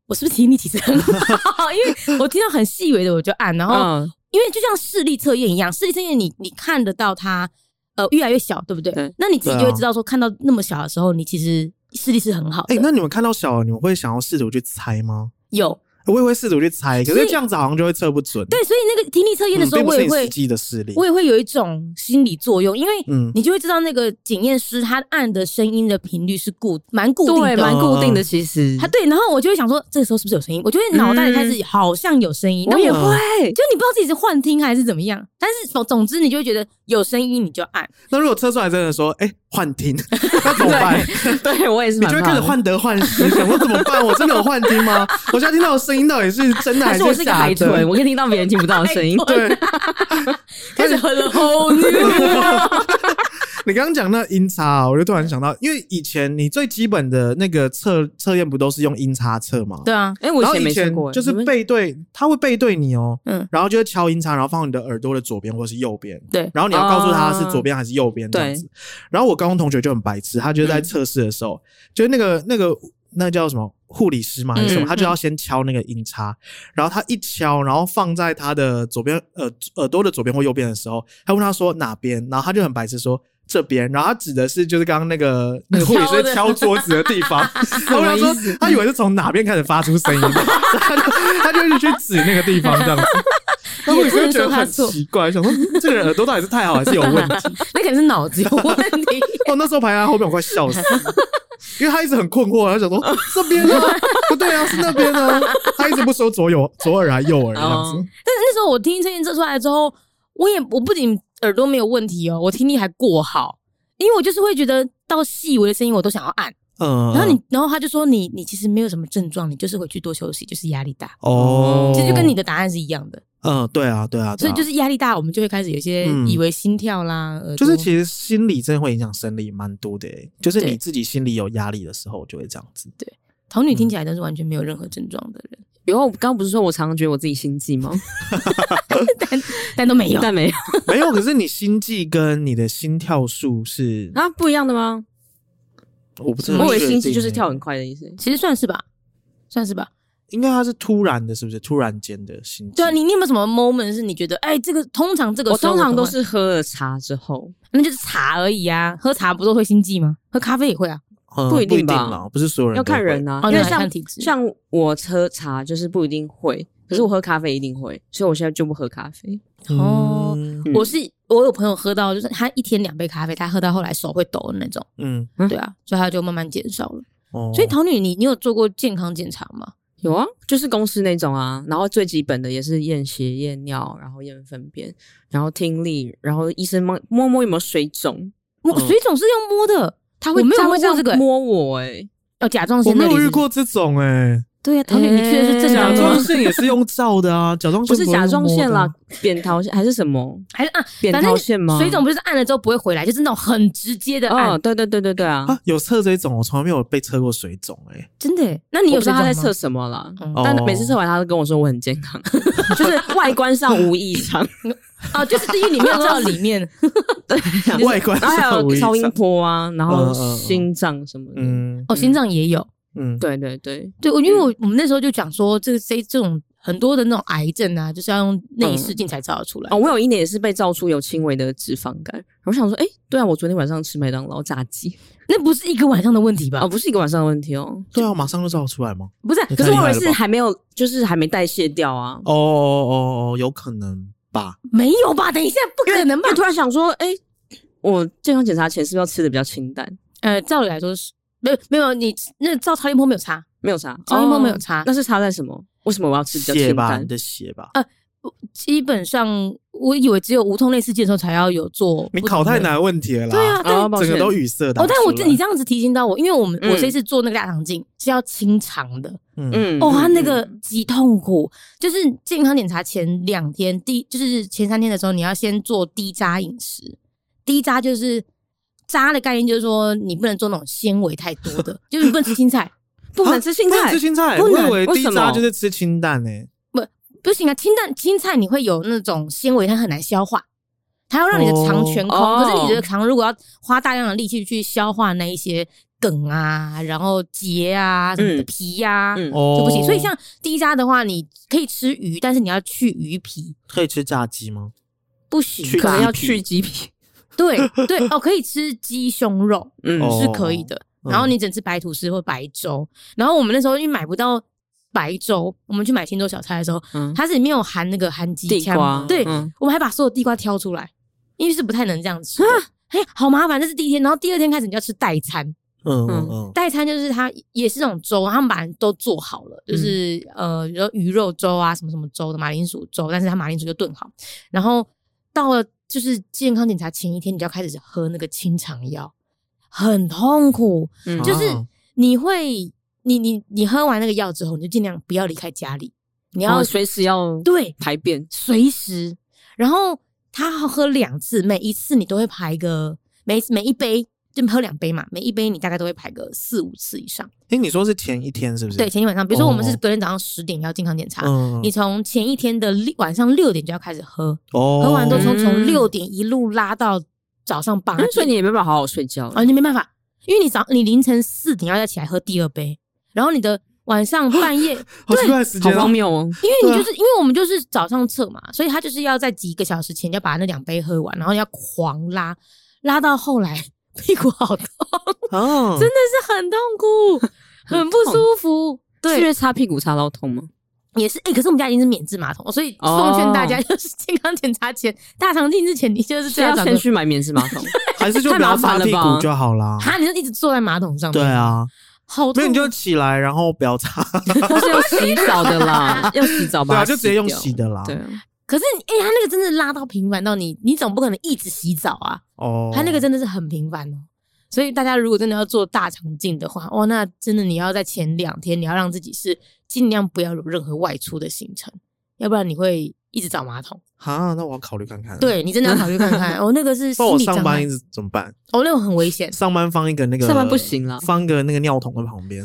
我是不是聽力其實很好？因為我聽到很細微的我就按，然後因為就像視力測驗一樣，視力測驗你你看得到它呃越來越小，對不對？那你自己就會知道說看到那麼小的時候，你其實視力是很好。哎，那你們看到小，你們會想要試着去猜嗎？有。我也會試圖去猜，可是這樣子好像就會測不準。對，所以那個聽力測驗的時候，嗯、我也會我也會有一種心理作用，因為你就會知道那個檢驗師他按的聲音的頻率是固蠻固定的，蠻固定的其實。嗯、他對，然後我就會想說，這個時候是不是有聲音？我就會腦袋裡開始好像有聲音。我、嗯、也會、嗯，就你不知道自己是幻聽還是怎麼樣，但是總總之你就會覺得有聲音，你就按。那如果測出來真的說，哎、欸，幻聽，那 對 怎麼辦？對，對我也是。你就會開始患得患失，想我怎麼辦？我真的有幻聽嗎？ 我現在聽到是。音到底是真的還是假的？可是我，是個海豚，對，我可以聽到別人聽不到的聲音。對，始 但是很吼 你。你剛剛講那音叉，啊，我就突然想到，因為以前你最基本的那個測測驗不都是用音叉測嗎？對啊，哎，我以前沒聽過。就是背對，他會背對你哦，喔嗯，然後就是敲音叉，然後放你的耳朵的左邊或是右邊，對，然後你要告訴他是左邊還是右邊這樣子，對。然後我高中同學就很白痴，他就是在測試的時候，嗯、就那個那個那叫什麼？護理師嘛，還是什麼、嗯，他就要先敲那個音叉，嗯嗯，然後他一敲，然後放在他的左邊耳，呃、耳朵的左邊或右邊的時候，他問他說哪邊，然後他就很白痴說這邊，然後他指的是就是剛剛那個護理師敲桌子的地方，他以為說他以為是從哪邊開始發出聲音，嗯 他就，他就一直去指那個地方這樣子， 欸、然後護理師又覺得很奇怪，想說這個人耳朵到底是太好還是有問題， 那肯定是腦子有問題，我、 哦、那時候排他後面我快笑死了。 因為他一直很困惑，他想說這邊呢不 對啊，是那邊呢。他一直不說左右左耳還是右耳這樣、oh, 但是但那時候我聽聲音測出來之後，我也我不僅耳朵沒有問題哦，我聽力還過好，因為我就是會覺得到細微的聲音我都想要按。嗯、uh.。然後你，然後他就說你你其實沒有什麼症狀，你就是回去多休息，就是壓力大。哦、oh.。其實就跟你的答案是一樣的。嗯對、啊，對啊，對啊，所以就是壓力大，我們就會開始有些以為心跳啦，嗯、就是其實心理真的會影響生理蠻多的、欸，就是你自己心裡有壓力的時候就會這樣子。對，童女聽起來都是完全沒有任何症狀的人，以、嗯、後我剛剛不是說我常常覺得我自己心悸嗎？ 但但都沒有， 但沒有， 沒有。可是你心悸跟你的心跳數是啊不一樣的嗎？我不知道，我以為心悸就是跳很快的意思， 其實算是吧，算是吧。應該它是突然的，是不是突然間的心悸，啊？對，你你有沒有什麼 moment 是你覺得哎，欸，這個通常這個我，哦，通常都是喝了茶之後，那就是茶而已啊。喝茶不都會心悸嗎？喝咖啡也會啊，嗯、不一定吧？不一定，不是所有人，要看人啊，因為像像我喝茶就是不一定會，可是我喝咖啡一定會，所以我現在就不喝咖啡。嗯，哦，我是我有朋友喝到就是他一天兩杯咖啡，他喝到後來手會抖的那種。嗯，對啊，所以他就慢慢減少了。哦，所以桃女，你你有做過健康檢查嗎？有啊，就是公司那種啊，然後最基本的也是驗血、驗尿，然後驗糞便，然後聽力，然後醫生摸摸摸有沒有水腫，摸水腫是用摸的，嗯、他會這樣子摸這個、欸、摸我誒，要甲狀腺，我沒有遇過這種誒、欸。對啊，同學，你測的是正常。甲狀腺也是用照的啊，甲狀腺不、啊就是甲狀腺啦，扁桃腺還是什麼？還是啊，扁桃腺嗎？水腫不是按了之後不會回來，就是那種很直接的按哦，對對對對對啊,啊！有測水腫，我從來沒有被測過水腫，哎，真的、欸？那你有時候在測什麼了、嗯？但每次測完，他都跟我說我很健康，嗯、 就是外觀上無異常 啊，就是至於你沒有照裡面， 就是、外觀上然後還有超音波啊，然後心臟什麼的嗯，嗯，哦，心臟也有。嗯，對對對，對我因為我我們那時候就講說，這、嗯、C 這種，這種很多的那種癌症啊，就是要用內視鏡才照得出來、嗯。哦，我有一年也是被照出有輕微的脂肪肝。我想說，哎、欸，對啊，我昨天晚上吃麥當勞炸雞，那不是一個晚上的問題吧？哦，不是一個晚上的問題哦、喔。對啊，馬上就照出來嗎？不是，可是我也是還沒有，就是還沒代謝掉啊。哦哦哦，有可能吧？沒有吧？等一下，不可能吧？突然想說，哎、欸，我健康檢查前是不是要吃的比較清淡？呃，照理來說是。沒有沒有，你那個、照超音波沒有擦，沒有擦，超音波沒有擦、哦，那是擦在什麼？為什麼我要吃比較血斑的血吧？呃，基本上我以為只有無痛內視鏡的時候才要有做，你考太難問題了啦，對啊，對哦、整個都語塞。哦，但我你這樣子提醒到我，因為我們、嗯、我這一次做那個大腸鏡是要清腸的，嗯，哇、哦，嗯、那個極痛苦，就是健康檢查前兩天，第就是前三天的時候，你要先做低渣飲食，低渣就是。渣的概念就是說，你不能做那種纖維太多的。 就是不能吃青菜，不能吃青菜，啊、不能吃青菜。低渣就是吃清淡呢，為什麼？不，不行啊。清淡青菜你會有那種纖維，它很難消化，它要讓你的腸全空。Oh, 可是你的腸如果要花大量的力氣去消化那一些梗啊，然後結啊、嗯、什麼的皮呀、啊、嗯，就不行。所以像低渣的話，你可以吃魚，但是你要去魚皮。可以吃炸雞嗎？不行，可能要去雞皮。 對對哦，可以吃雞胸肉，嗯，是可以的。哦、然後你只能吃白吐司或白粥，嗯。然後我們那時候因為買不到白粥，我們去買清粥小菜的時候，嗯，它是沒有含那個含雞地瓜，對、嗯，我們還把所有地瓜挑出來，因為是不太能這樣吃。嘿、啊欸，好麻煩，這是第一天。然後第二天開始你要吃代餐，嗯嗯嗯，代餐就是它也是這種粥，他們把它都做好了，嗯、就是呃，有魚肉粥啊，什麼什麼粥的，馬鈴薯粥，但是它馬鈴薯就燉好，然後到了。就是健康檢查前一天，你就要開始喝那個清腸藥，很痛苦。嗯，就是你會，你你你喝完那個藥之後，你就儘量不要離開家裡，你要，嗯，隨時要排便。對，隨時。然後他喝兩次，每一次你都會排一個，每、每一杯。就喝兩杯嘛，每一杯你大概都會排個四五次以上。哎、欸，你說是前一天是不是？對，前一天晚上，比如說我們是隔天早上十點要健康檢查，oh. 你從前一天的晚上六點就要開始喝，oh. 喝完都從從六點一路拉到早上八點、嗯，所以你也沒辦法好好睡覺啊、哦！你沒辦法，因為你早你凌晨四點要再起來喝第二杯，然後你的晚上半夜 對好荒謬哦！因為你就是因為我們就是早上測嘛，所以他就是要在幾個小時前就把那兩杯喝完，然後要狂拉拉到後來。屁股好痛哦、嗯，真的是很痛苦，很不舒服。對，是因為擦屁股擦到痛嗎？也是誒、欸、可是我們家已經是免治馬桶，所以奉勸大家，就、哦、是健康檢查前、大腸鏡之前，你就是最好先去買免治馬桶，還是就不要擦屁股就好啦。哈，你就一直坐在馬桶上。對啊，好痛啊，所以你就起來，然後不要擦，都是用洗澡的啦，用 洗澡洗，對、啊，就直接用洗的啦，對。可是，哎、欸，他那個真的拉到頻繁到你，你總不可能一直洗澡啊！哦、oh.，他那個真的是很頻繁哦。所以大家如果真的要做大腸鏡的話，哇、哦，那真的你要在前兩天，你要讓自己是盡量不要有任何外出的行程，要不然你會一直找馬桶。啊，那我要考慮看看、啊。對，你真的要考慮看看。 哦，那個是。放我上班一直怎麼辦？哦，那我、個、很危險。上班放一個那個。上班不行了，放一個那個尿桶在旁邊，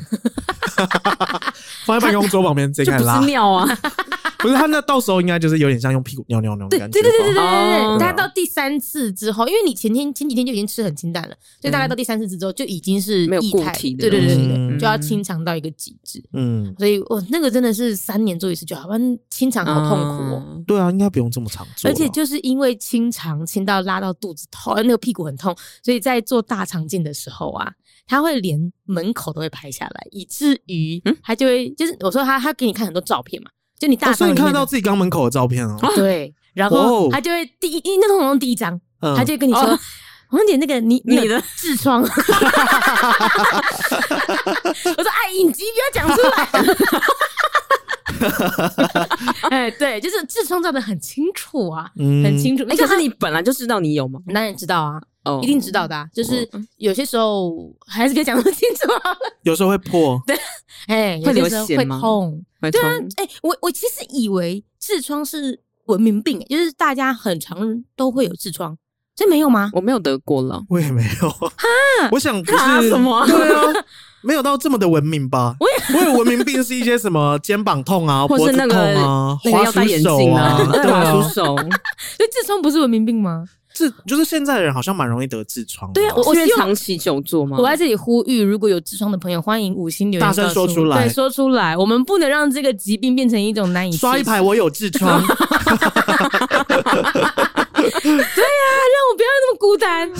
放在辦公桌旁邊，這個可以拉。是尿啊， 不是，他那到時候應該就是有點像用屁股尿尿那種感覺。對對對對對對，對，對，對，對，對，對、嗯、大概到第三次之後，因為你前天前幾天就已經吃很清淡了、嗯，所以大概到第三次之後就已經是沒有固體的。對對對對，對、嗯，就要清腸到一個極致。嗯。所以我那個真的是三年做一次就好，不然清腸好痛苦哦。嗯、對啊，應該不用這麼。而且就是因為清腸清到拉到肚子痛，哦、那個屁股很痛，所以在做大腸鏡的時候啊，他會連門口都會拍下來，以至於他就會、嗯、就是我說他他給你看很多照片嘛，就你大、哦、所以你看到自己肛門口的照片哦，哦，對，然後他就會第一、哦、那通常第一張，他就會跟你說黃、哦、姐那個你你，你的痔瘡，我說愛隱疾不要講出來。 哈哈哈！哎，對，就是痔瘡照得很清楚啊，嗯、很清楚。那、欸、就是、是你本來就知道你有嗎？當然知道啊，哦，一定知道的、啊嗯。就是、嗯嗯、有些時候還是可以講得清楚。啊。有時候會破，對，哎、欸，有時候會流血嗎？會痛，對啊，哎、欸，我我其實以為痔瘡是文明病、欸，就是大家很常人都會有痔瘡，這沒有嗎？我沒有得過了，我也沒有。哈，我想看什麼？啊。 沒有到這麼的文明吧？我也我有文明病是一些什麼肩膀痛啊， 脖子痛啊或是那個滑鼠手啊，那個、啊手啊手 對啊，滑鼠手。所以痔瘡不是文明病嗎？痔就是現在的人好像蠻容易得痔瘡。對啊，我因為長期久坐嘛我在這裡呼籲，如果有痔瘡的朋友，歡迎五星留言，大聲說出來對，說出來，我們不能讓這個疾病變成一種難以刷一排。我有痔瘡， 對呀、啊，讓我不要那麼孤單。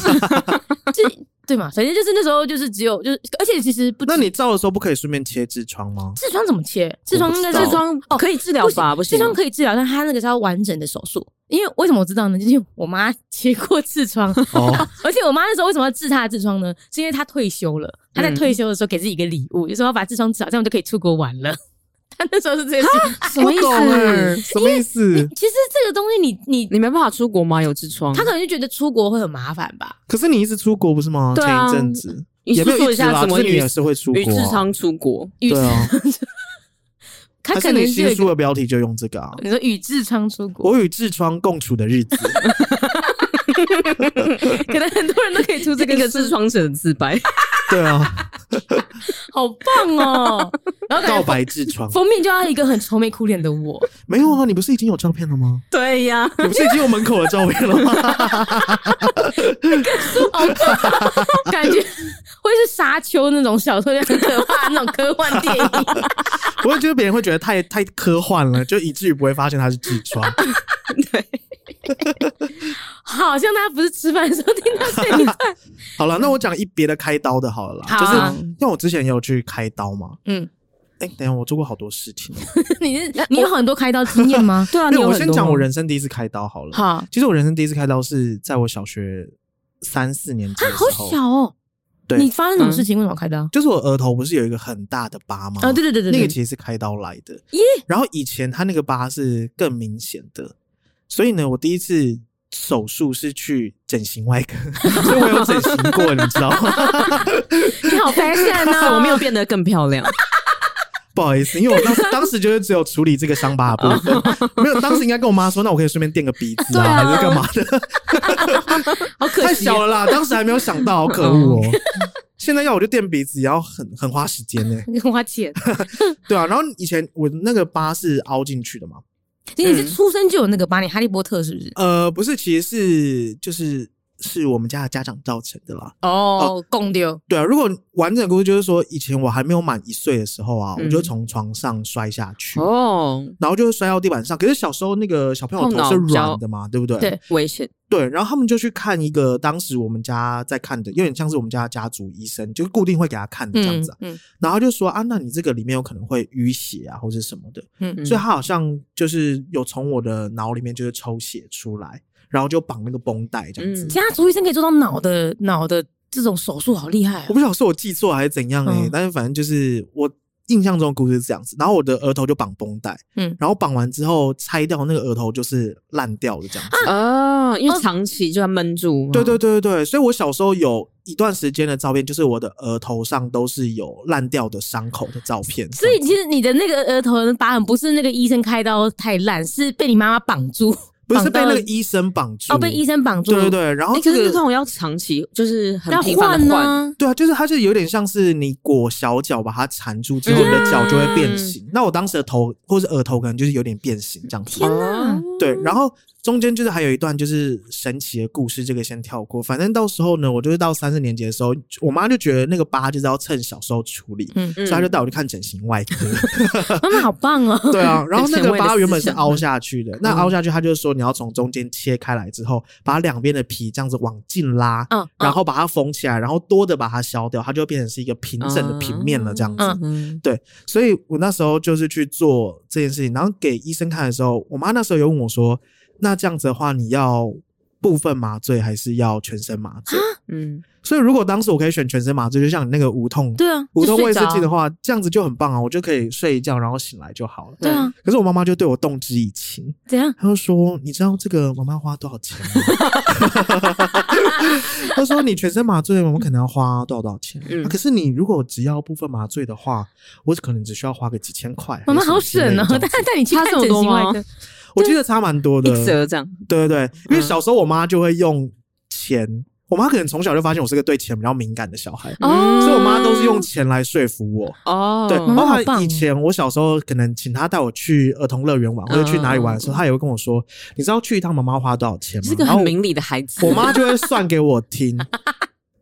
這。 對嘛，反正就是那時候，就是只有，就是而且其實不。那你照的時候不可以順便切痔瘡嗎？痔瘡怎麼切？痔瘡應該是痔瘡哦，可以治療吧？不，不是痔瘡可以治療，但他那個是要完整的手術。因為為什麼我知道呢？就是我媽切過痔瘡，哦、 而且我媽那時候為什麼要治她的痔瘡呢？是因為她退休了，她在退休的時候給自己一個禮物，嗯、就是、說要把痔瘡治好，這樣我就可以出國玩了。他那時候是這樣什麼意思、啊？什麼意思？其實這個東西你，你你你沒辦法出國嗎？有痔瘡，他可能就覺得出國會很麻煩吧。可是你一直出國不是嗎？對啊、前一陣子你說一有一下，啊，麼女也是會出國、啊，與痔瘡出國，對、啊、 他可能是新書的標題就用這個啊。你說與痔瘡出國，我與痔瘡共處的日子。 可能很多人都可以出這個，個自創者自，自白自， 對啊 ，好棒哦，喔！然後告白自創封面，就要一個很愁眉苦臉的我，沒有啊？你不是已經有照片了嗎？對呀，啊，你不是已經有門口的照片了嗎？ 感覺會是沙丘那種小說，就很可怕那種科幻電影。 我會覺得別人會覺得太太科幻了，就以至於不會發現他是自創。 對。 好像大家不是吃飯的時候聽到這一 好了，那我講一別的開刀的，好了啦。啊、就是因為我之前也有去開刀嘛。嗯，哎、欸，等一下，我做過好多事情。 你你有很多開刀經驗嗎？ 對啊，你我先講我人生第一次開刀好了。好，其實我人生第一次開刀是在我小學三四年級的時候，啊，好小哦、喔。對。你發生什麼事情？嗯、為什麼開刀？就是我額頭不是有一個很大的疤嗎？啊，對，對對對對，那個其實是開刀來的。耶、Yeah，然後以前他那個疤是更明顯的。所以呢，我第一次手術是去整形外科， 所以我有整形過， 你知道嗎？你好，發現啊！我沒有變得更漂亮， 不好意思，因為我當時 當時就是只有處理這個傷疤的部分， 沒有當時應該跟我媽說，那我可以順便墊個鼻子，啊，啊， 還是幹嘛的？好可惜，太小了啦！當時還沒有想到，好可惡哦、喔！ 現在要我就墊鼻子，也要很很花時間呢、欸，你很花錢對啊？然後以前我那個疤是凹進去的嘛。你是出生就有那個吧？你哈利波特是不是？嗯、呃，不是，其實是就是是我們家的家長造成的啦。哦，公、哦、丟對，對啊，如果。完整的故事就是說，以前我還沒有滿一歲的時候啊，我就從床上摔下去哦，然後就摔到地板上。可是小時候那個小朋友頭是軟的嘛，對不對？對，危險。對，然後他們就去看一個當時我們家在看的，有點像是我們家家族醫生，就是固定會給他看的這樣子。嗯，然後就說啊，那你這個裡面有可能會淤血啊，或是什麼的。嗯，所以他好像就是有從我的腦裡面就是抽血出來，然後就綁那個繃帶這樣子。嗯，嗯，家族醫生可以做到腦的腦的。腦的這種手術好厲害！啊，我不知道是我記錯還是怎樣哎、欸嗯，但是反正就是我印象中的故事是這樣子。然後我的額頭就綁繃帶，嗯，然後綁完之後拆掉，那個額頭就是爛掉的這樣子、啊、哦因為長期就要悶住。對、哦、對對對對，所以我小時候有一段時間的照片，就是我的額頭上都是有爛掉的傷口的照片。所以其實你的那個額頭的疤痕，不是那個醫生開刀太爛，是被你媽媽綁住。不是被那個醫生綁住，哦，被醫生綁住，對對對。然後、這個欸、可是這種要長期，就是很，頻繁的換呢？對啊，就是它就有點像是你裹小腳，把它纏住之後，你的腳就會變形、嗯啊。那我當時的頭或是額頭可能就是有點變形這樣子啊。對，然後。中間就是還有一段就是神奇的故事，這個先跳過。反正到時候呢，我就是到三四年級的時候，我媽就覺得那個疤就是要趁小時候處理，嗯嗯，所以她就帶我去看整形外科。媽媽、嗯嗯、 好棒哦！對啊，然後那個疤原本是凹下去的，的那凹下去，她就是說你要從中間切開來之後，嗯、把兩邊的皮這樣子往進拉，嗯嗯，然後把它縫起來，然後多的把它削掉，它就變成是一個平整的平面了，這樣子。嗯嗯嗯，對，所以我那時候就是去做這件事情，然後給醫生看的時候，我媽那時候有問我說。那這樣子的話，你要部分麻醉還是要全身麻醉？嗯，所以如果當時我可以選全身麻醉，就像你那個無痛，對啊，無痛胃鏡的話，這樣子就很棒啊，我就可以睡一覺，然後醒來就好了。對啊，嗯、可是我媽媽就對我動之以情，怎樣？她就說，你知道這個我媽花多少錢嗎？她 說，你全身麻醉我們可能要花多少多少錢？嗯、啊，可是你如果只要部分麻醉的話，我可能只需要花個幾千塊。媽媽好省啊、喔，但是帶你去看整形外我記得差蠻多的，一折這樣。對對對，因為小時候我媽就會用錢，嗯、我媽可能從小就發現我是個對錢比較敏感的小孩，哦、所以我媽都是用錢來說服我。哦，對，包括以前我小時候可能請她帶我去兒童樂園玩、哦，或者去哪裡玩的時候，她也會跟我說：“你知道去一趟媽媽花多少錢嗎？”是、這個很明理的孩子，我媽就會算給我聽。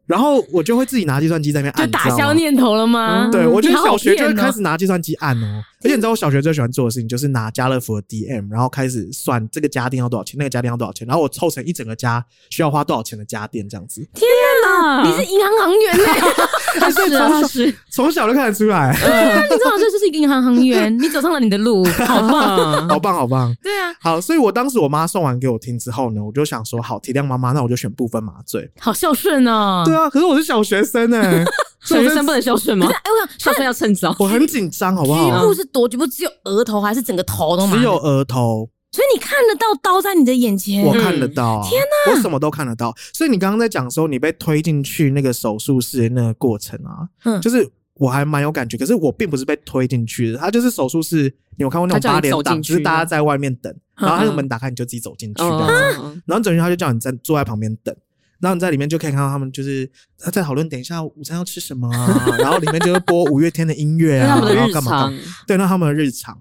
然後我就會自己拿計算機在那邊按，就打消念頭了嗎？嗎嗯、對，我覺得小學就會開始拿計算機按哦、嗯。而且你知道我小學最喜歡做的事情，就是拿家樂福的 DM，然後開始算這個家電要多少錢，那個家電要多少錢，然後我湊成一整個家需要花多少錢的家電這樣子。天啊！啊、你是銀行行員呢、欸， 他是張老師從小就看得出來、嗯。那李老師就是一個銀行行員， 你走上了你的路，好棒， 好棒，好棒。對啊，好，所以我當時我媽送完給我聽之後呢，我就想說，好，體諒媽媽，那我就選部分麻醉，好孝順哦、喔、對啊，可是我是小學生哎、欸， 小學生不能孝順嗎？哎、欸，我想孝順要趁早，我很緊張，好不好？局部是多局部，只有額頭還是整個頭都？只有額頭。所以你看得到刀在你的眼前，我看得到、啊，天、嗯、哪，我什麼都看得到。啊、所以你剛剛在講說你被推進去那個手術室的那個過程啊，就是我還蠻有感覺。可是我並不是被推進去的，他就是手術室。你有看過那種八點檔，就是大家在外面等，嗯、然後那個門打開、嗯、你就自己走進去、嗯嗯，然後走進去他就叫你在坐在旁邊等，然後你在裡面就可以看到他們就是他在討論等一下午餐要吃什麼，啊。 然後裡面就是播五月天的音樂啊，然後幹嘛？對，那他們的日常。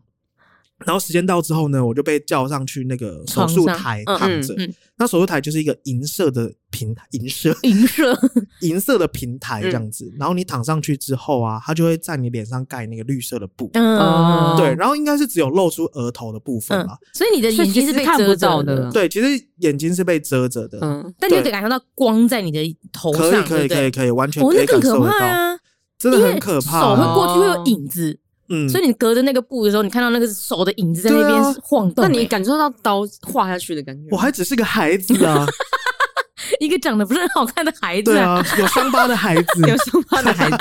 然後時間到之後呢，我就被叫上去那個手術台躺着嗯嗯嗯。那手術台就是一個銀色的平銀色銀色銀 色的平台這樣子，嗯。然後你躺上去之後啊，它就會在你臉上蓋那個綠色的布。嗯，嗯對。然後應該是只有露出額頭的部分了，嗯。所以你的眼睛是被遮着的。對，其實眼睛是被遮着的。嗯，但你可以感受到光在你的頭上。可以可以可以可以，可以，完全可以感受得到。哦，這更可怕啊。真的很可怕，啊，手會過去，哦，會有影子。嗯、所以你隔着那個布的時候，你看到那個手的影子在那邊晃動、欸啊，那你感受到刀劃下去的感覺。我還只是個孩子啊 一個長得不是很好看的孩子、啊。對啊，有傷疤的孩子， 有傷疤的孩子。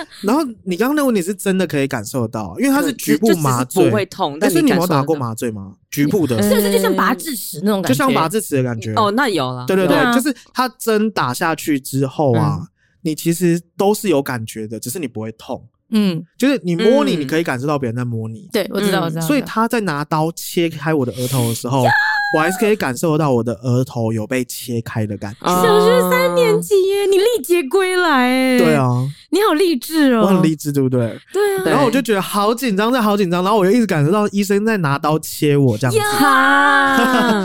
然後你剛剛那問題是真的可以感受到，因為它是局部麻醉，不會痛。但是你有打過麻醉嗎？局部的，就、欸、是就像拔智齒那種感覺，就像拔智齒的感覺。哦，那有了。對對對，啊、就是它針打下去之後啊、嗯，你其實都是有感覺的，只是你不會痛。嗯，就是你摸你，你可以感受到別人在摸你、嗯。對，我知道，嗯，我知道。所以他在拿刀切開我的額頭的時候， 我還是可以感受到我的額頭有被切開的感覺、啊。小學三年級耶，你歷劫歸來耶。對啊。你好勵志哦！我很勵志，對不對？對啊。然後我就覺得好緊張，真好緊張。然後我就一直感受到醫生在拿刀切我這樣子、yeah!。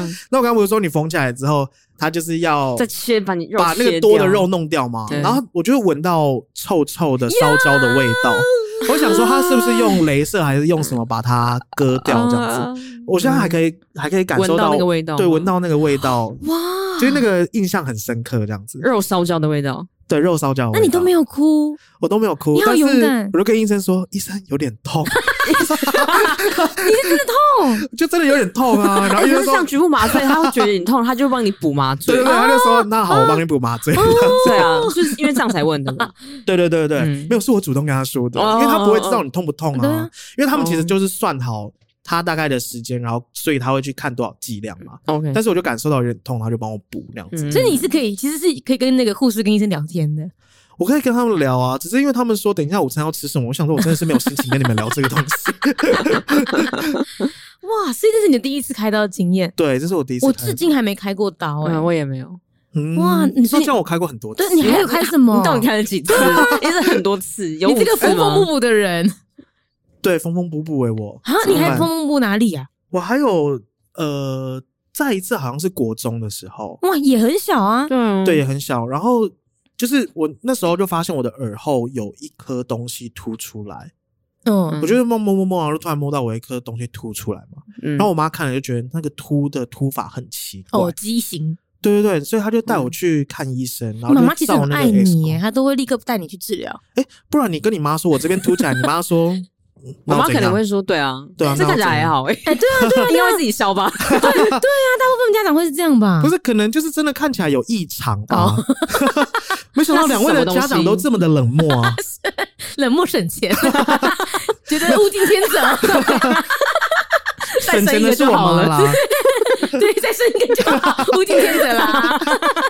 那我剛剛不是說你縫起來之後，他就是要再切，把你肉，把那個多的肉弄掉嘛？然後我就聞到臭臭的燒焦的味道、yeah!。我想說，他是不是用雷射還是用什麼把它割掉這樣子？我現在還可以還可以感受到那個味道，對，聞到那個味道。哇！就是那個印象很深刻，這樣子 肉燒焦的味道。對，肉燒焦。那你都沒有哭，我都沒有哭。但是我就跟醫生說，醫生有點痛。你是真的痛？就真的有點痛啊。 然後因為說、欸、是像局部麻醉， 他會覺得你痛，他就幫你補麻醉。對，對對，他就說、哦、那好，哦、我幫你補麻醉。哦哦、對啊，就是因為這樣才問的嘛。 對，對對對對，嗯、沒有是我主動跟他說的，哦、因為他不會知道你痛不痛啊，哦、因為他們其實就是算好。他大概的時間，然後所以他會去看多少劑量嘛？OK，但是我就感受到有點痛，他就幫我補那樣子、嗯嗯。所以你是可以，其實是可以跟那個護士跟醫生聊天的。我可以跟他們聊啊，只是因為他們說等一下午餐要吃什麼，我想說我真的是沒有心情跟你們聊這個東西。 哇，所以這是你的第一次開刀的經驗。對，這是我第一次開刀的刀，我至今還沒開過刀、欸，哎、嗯，我也沒有。嗯、哇，你說像我開過很多次，但是你還有開什麼？ 你到底開了幾次？ 也是很多次，有五次嗎？你這個縫縫補補的人。對，縫縫補補為我。啊，你還縫縫補哪裡啊？我還有，呃，在一次好像是國中的時候，哇，也很小啊。對、嗯，對，也很小。然後就是我那時候就發現我的耳後有一顆東西凸出來。嗯，我就摸摸摸摸，然後突然摸到我一顆東西凸出來嘛。嗯、然後我媽看了就覺得那個凸的凸法很奇怪，哦，畸形。對對對，所以她就帶我去看醫生。嗯、然後我媽其實很愛你，她都會立刻帶你去治療。哎、欸，不然你跟你媽說，我這邊凸起來， 你媽說。我媽可能會說對、啊對啊這個，欸欸：“對啊，對啊，這看起來還好，對啊，對啊，因為自己削吧 對？對啊，大部分家長會是這樣吧？ 不是，可能就是真的看起來有異常啊！哦、 沒想到兩位的家長都這麼的冷漠啊！ 冷漠省錢， 覺得物競天擇 ，省錢的就好了啦。對，再生一個就好 天喊地的啦。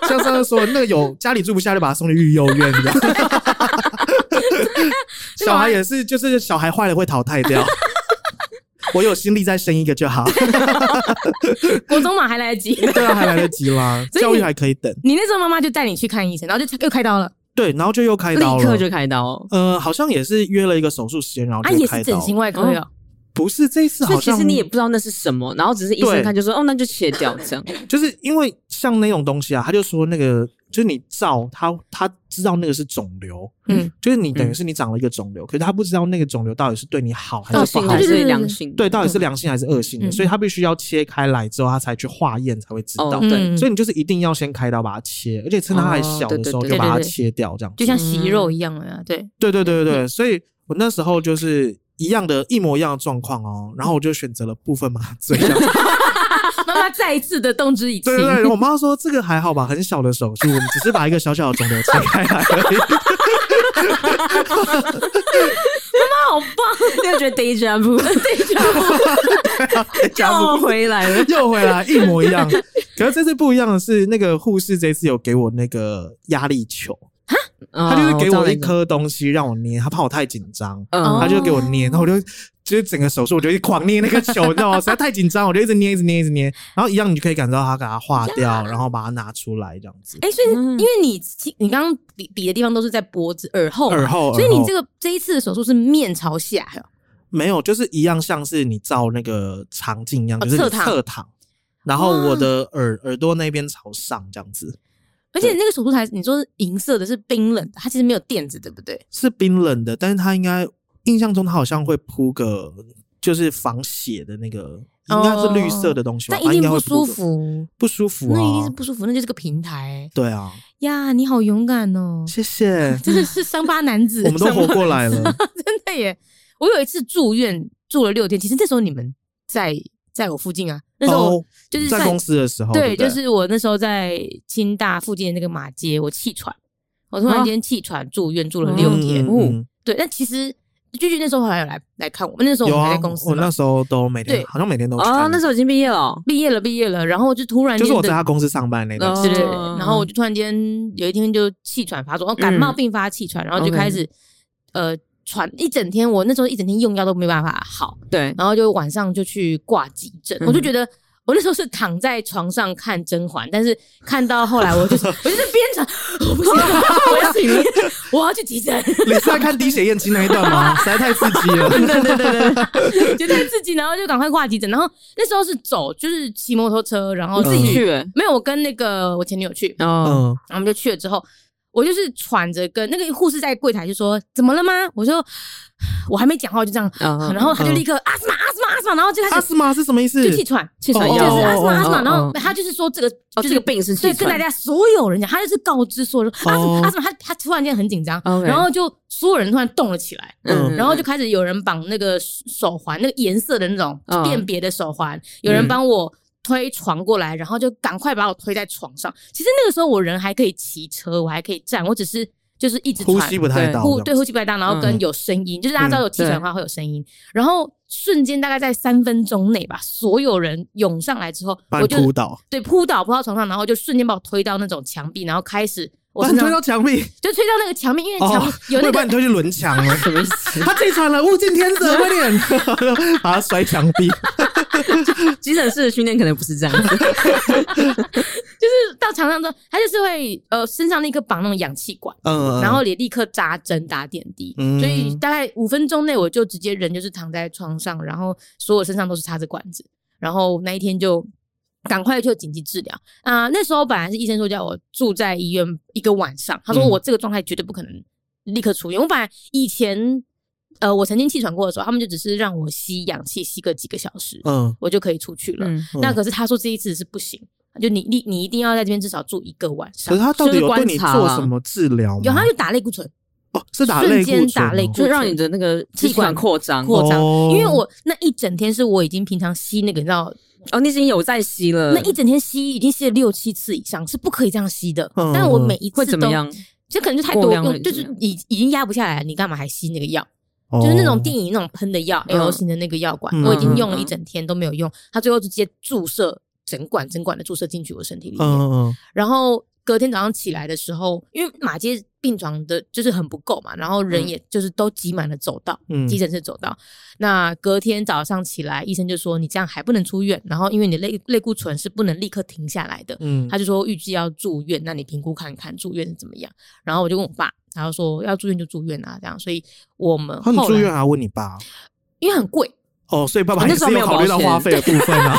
像上次說，那個有家裡住不下，就把他送去育幼院的。 小孩也是，就是小孩壞了會淘汰掉。 我有心力再生一個就好。我走馬還來得及。對啊，還來得及啦，教育還可以等。你那時候媽媽就帶你去看醫生，然後就又開刀了。對，然後就又開刀了，立刻就開刀。呃，好像也是約了一個手術時間，然後就開刀。啊，也是整形外科，哦。不是這一次好像，其實你也不知道那是什麼，然後只是醫生他就說，哦，那就切掉這樣。 就是因為像那種東西啊，他就說那個就是你照他，他知道那個是腫瘤，嗯，就是你等於是你長了一個腫瘤，嗯、可是他不知道那個腫瘤到底是對你好還是不好，底、就是對良性，對、嗯，到底是良性還是惡性的、嗯，所以他必須要切開來之後，他才去化驗才會知道。哦。對，所以你就是一定要先開刀把它切，而且趁他還小的時候就把它切掉，哦、對對對對，這樣就像息肉一樣呀，對、嗯，對對對對對。所以我那時候就是。一樣的一模一樣的狀況哦，然後我就選擇了部分麻醉。媽媽再一次的動之以情。對對對，我媽說這個還好吧，很小的手術 我們只是把一個小小的腫瘤切開來而已。 媽媽好棒，又覺得第一步，第一步又回來了，又回來一模一樣 。可是這次不一樣的是，那個護士這次有給我那個壓力球。哈，他就是給我一顆東西讓我捏，他怕我太緊張，嗯，他就給我捏，然後我就就是整個手術，我就一直狂捏那個球， 你知道嗎？實在太緊張，我就一直捏，一直捏，一直捏。然後一樣，你就可以感受到他把它化掉，啊，然後把它拿出來這樣子。哎、欸，所以因為你你剛剛比比的地方都是在脖子耳後耳後，耳後，所以你這個這一次的手術是面朝下？沒有，就是一樣，像是你照那個腸鏡一樣，就是側躺，然後我的耳耳朵那邊朝上這樣子。而且那個手術台，你說是銀色的，是冰冷的，它其實沒有墊子，對不對？是冰冷的，但是它應該印象中，它好像會鋪個就是防血的那個，應該是綠色的東西吧？Oh，但一定不舒服，不舒服啊，那一定是不舒服，那就是個平台。對啊，呀，你好勇敢哦！謝謝，真 的是傷疤男子， 我們都活過來了， 真的耶！我有一次住院住了六天，其實那時候你們在。在我附近啊，那時候就是在公司的時候，對對，對，就是我那時候在清大附近的那個馬街，我氣喘，我突然間氣喘住院、哦、住了六天。嗯，哦、對，但其實駒駒那時候好像有來來看我，那時候我還在公司、啊。我那時候都每天，好像每天都去、哦。那時候已經畢業了，畢業了，畢業了，然後就突然就是我在他公司上班的那個時候、哦，對對對。然後我就突然間有一天就氣喘發作，哦、嗯，感冒併發氣喘，然後就開始、嗯 okay、呃。船一整天，我那時候一整天用藥都沒辦法好，對，然後就晚上就去掛急診。我就覺得我那時候是躺在床上看甄嬛，但是看到後來，我就說我就是邊床，我不行，不行，我要去急診。你是在看滴血驗親那一段嗎？實 在太刺激了，對對對，絕對刺激，然後就趕快掛急診。然後那時候是走，就是騎摩托車，然後自己去，嗯、沒有，我跟那個我前女友去，然後我們就去了之後。我就是喘着，跟那個護士在櫃台就說：“怎麼了嗎？”我說：“我還沒講話，就這樣。Uh, ” uh, 然後他就立刻“阿、uh, 啊、斯瑪阿、啊、斯瑪阿、啊、斯瑪，然後就開始“阿、啊、斯瑪是什麼意思”，就氣喘氣喘、哦，就是“阿、哦啊、斯瑪阿、哦啊、斯瑪，然後他就是說：“這個、哦、就是這個病是氣喘”，所以跟大家所有人講，他就是告知說：“阿、哦啊、斯瑪阿、啊、斯瑪，他他突然間很緊張，okay. 然後就所有人突然動了起來，嗯嗯、然後就開始有人綁那個手環，那個顏色的那種辨別的手環，有人幫我。推床過來，然後就趕快把我推在床上。其實那個時候我人還可以騎車，我還可以站，我只是就是一直呼吸不太到，對，呼，對呼吸不太大，然後跟有聲音、嗯，就是大家知道有氣喘的話會有聲音、嗯。然後瞬間大概在三分鐘內吧，所有人湧上來之後，倒我就撲倒，對，撲倒撲到床上，然後就瞬間把我推到那種牆壁，然後開始我推到牆壁，就推到那個牆壁，因為牆有那個人，要、哦、你推去輪牆了， 什麼意思？ 他氣喘了，物競天擇的臉， 快點 把他摔牆壁。 急 診室的訓練可能不是這樣， 就是到床上之後，他就是會呃身上立刻綁那種氧氣管，嗯嗯，然後也立刻扎針打點滴，嗯、所以大概五分鐘內我就直接人就是躺在床上，然後所有身上都是插着管子，然後那一天就趕快就緊急治療啊、呃。那時候本來是醫生說叫我住在醫院一個晚上，他說我這個狀態絕對不可能立刻出院，嗯、我本來以前。呃，我曾經氣喘過的時候，他們就只是讓我吸氧氣，吸個幾個小時，嗯，我就可以出去了。嗯嗯、那可是他說這一次是不行，就你你你一定要在這邊至少住一個晚上。可是他到底有對你做什麼治療？有，他就打類固醇。哦，是打類固醇，打類固醇讓你的那個氣管擴張擴張。因為我那一整天是我已經平常吸那個，你知道，哦，那已經有在吸了。那一整天吸已經吸了六七次以上，是不可以這樣吸的。呵呵，但我每一次都，其實可能就太多，用就是已已經壓不下來，你幹嘛還吸那個藥？就是那種電影那種噴的藥，L 型的那個藥管，我已經用了一整天都沒有用，他最後直接注射，整管整管的注射進去我身體裡面，然後。隔天早上起來的時候，因為馬街病床的就是很不夠嘛，然後人也就是都擠滿了走道，嗯，急診室走道。那隔天早上起來，醫生就說你這樣還不能出院，然後因為你的類類固醇是不能立刻停下來的，嗯，他就說預計要住院，那你評估看看住院是怎麼樣。然後我就問我爸，然後說要住院就住院啊，這樣。所以我們後他你住院還、啊、問你爸，因為很貴。哦，所以爸爸還是、啊、那時候沒有考慮到花費的部分啊。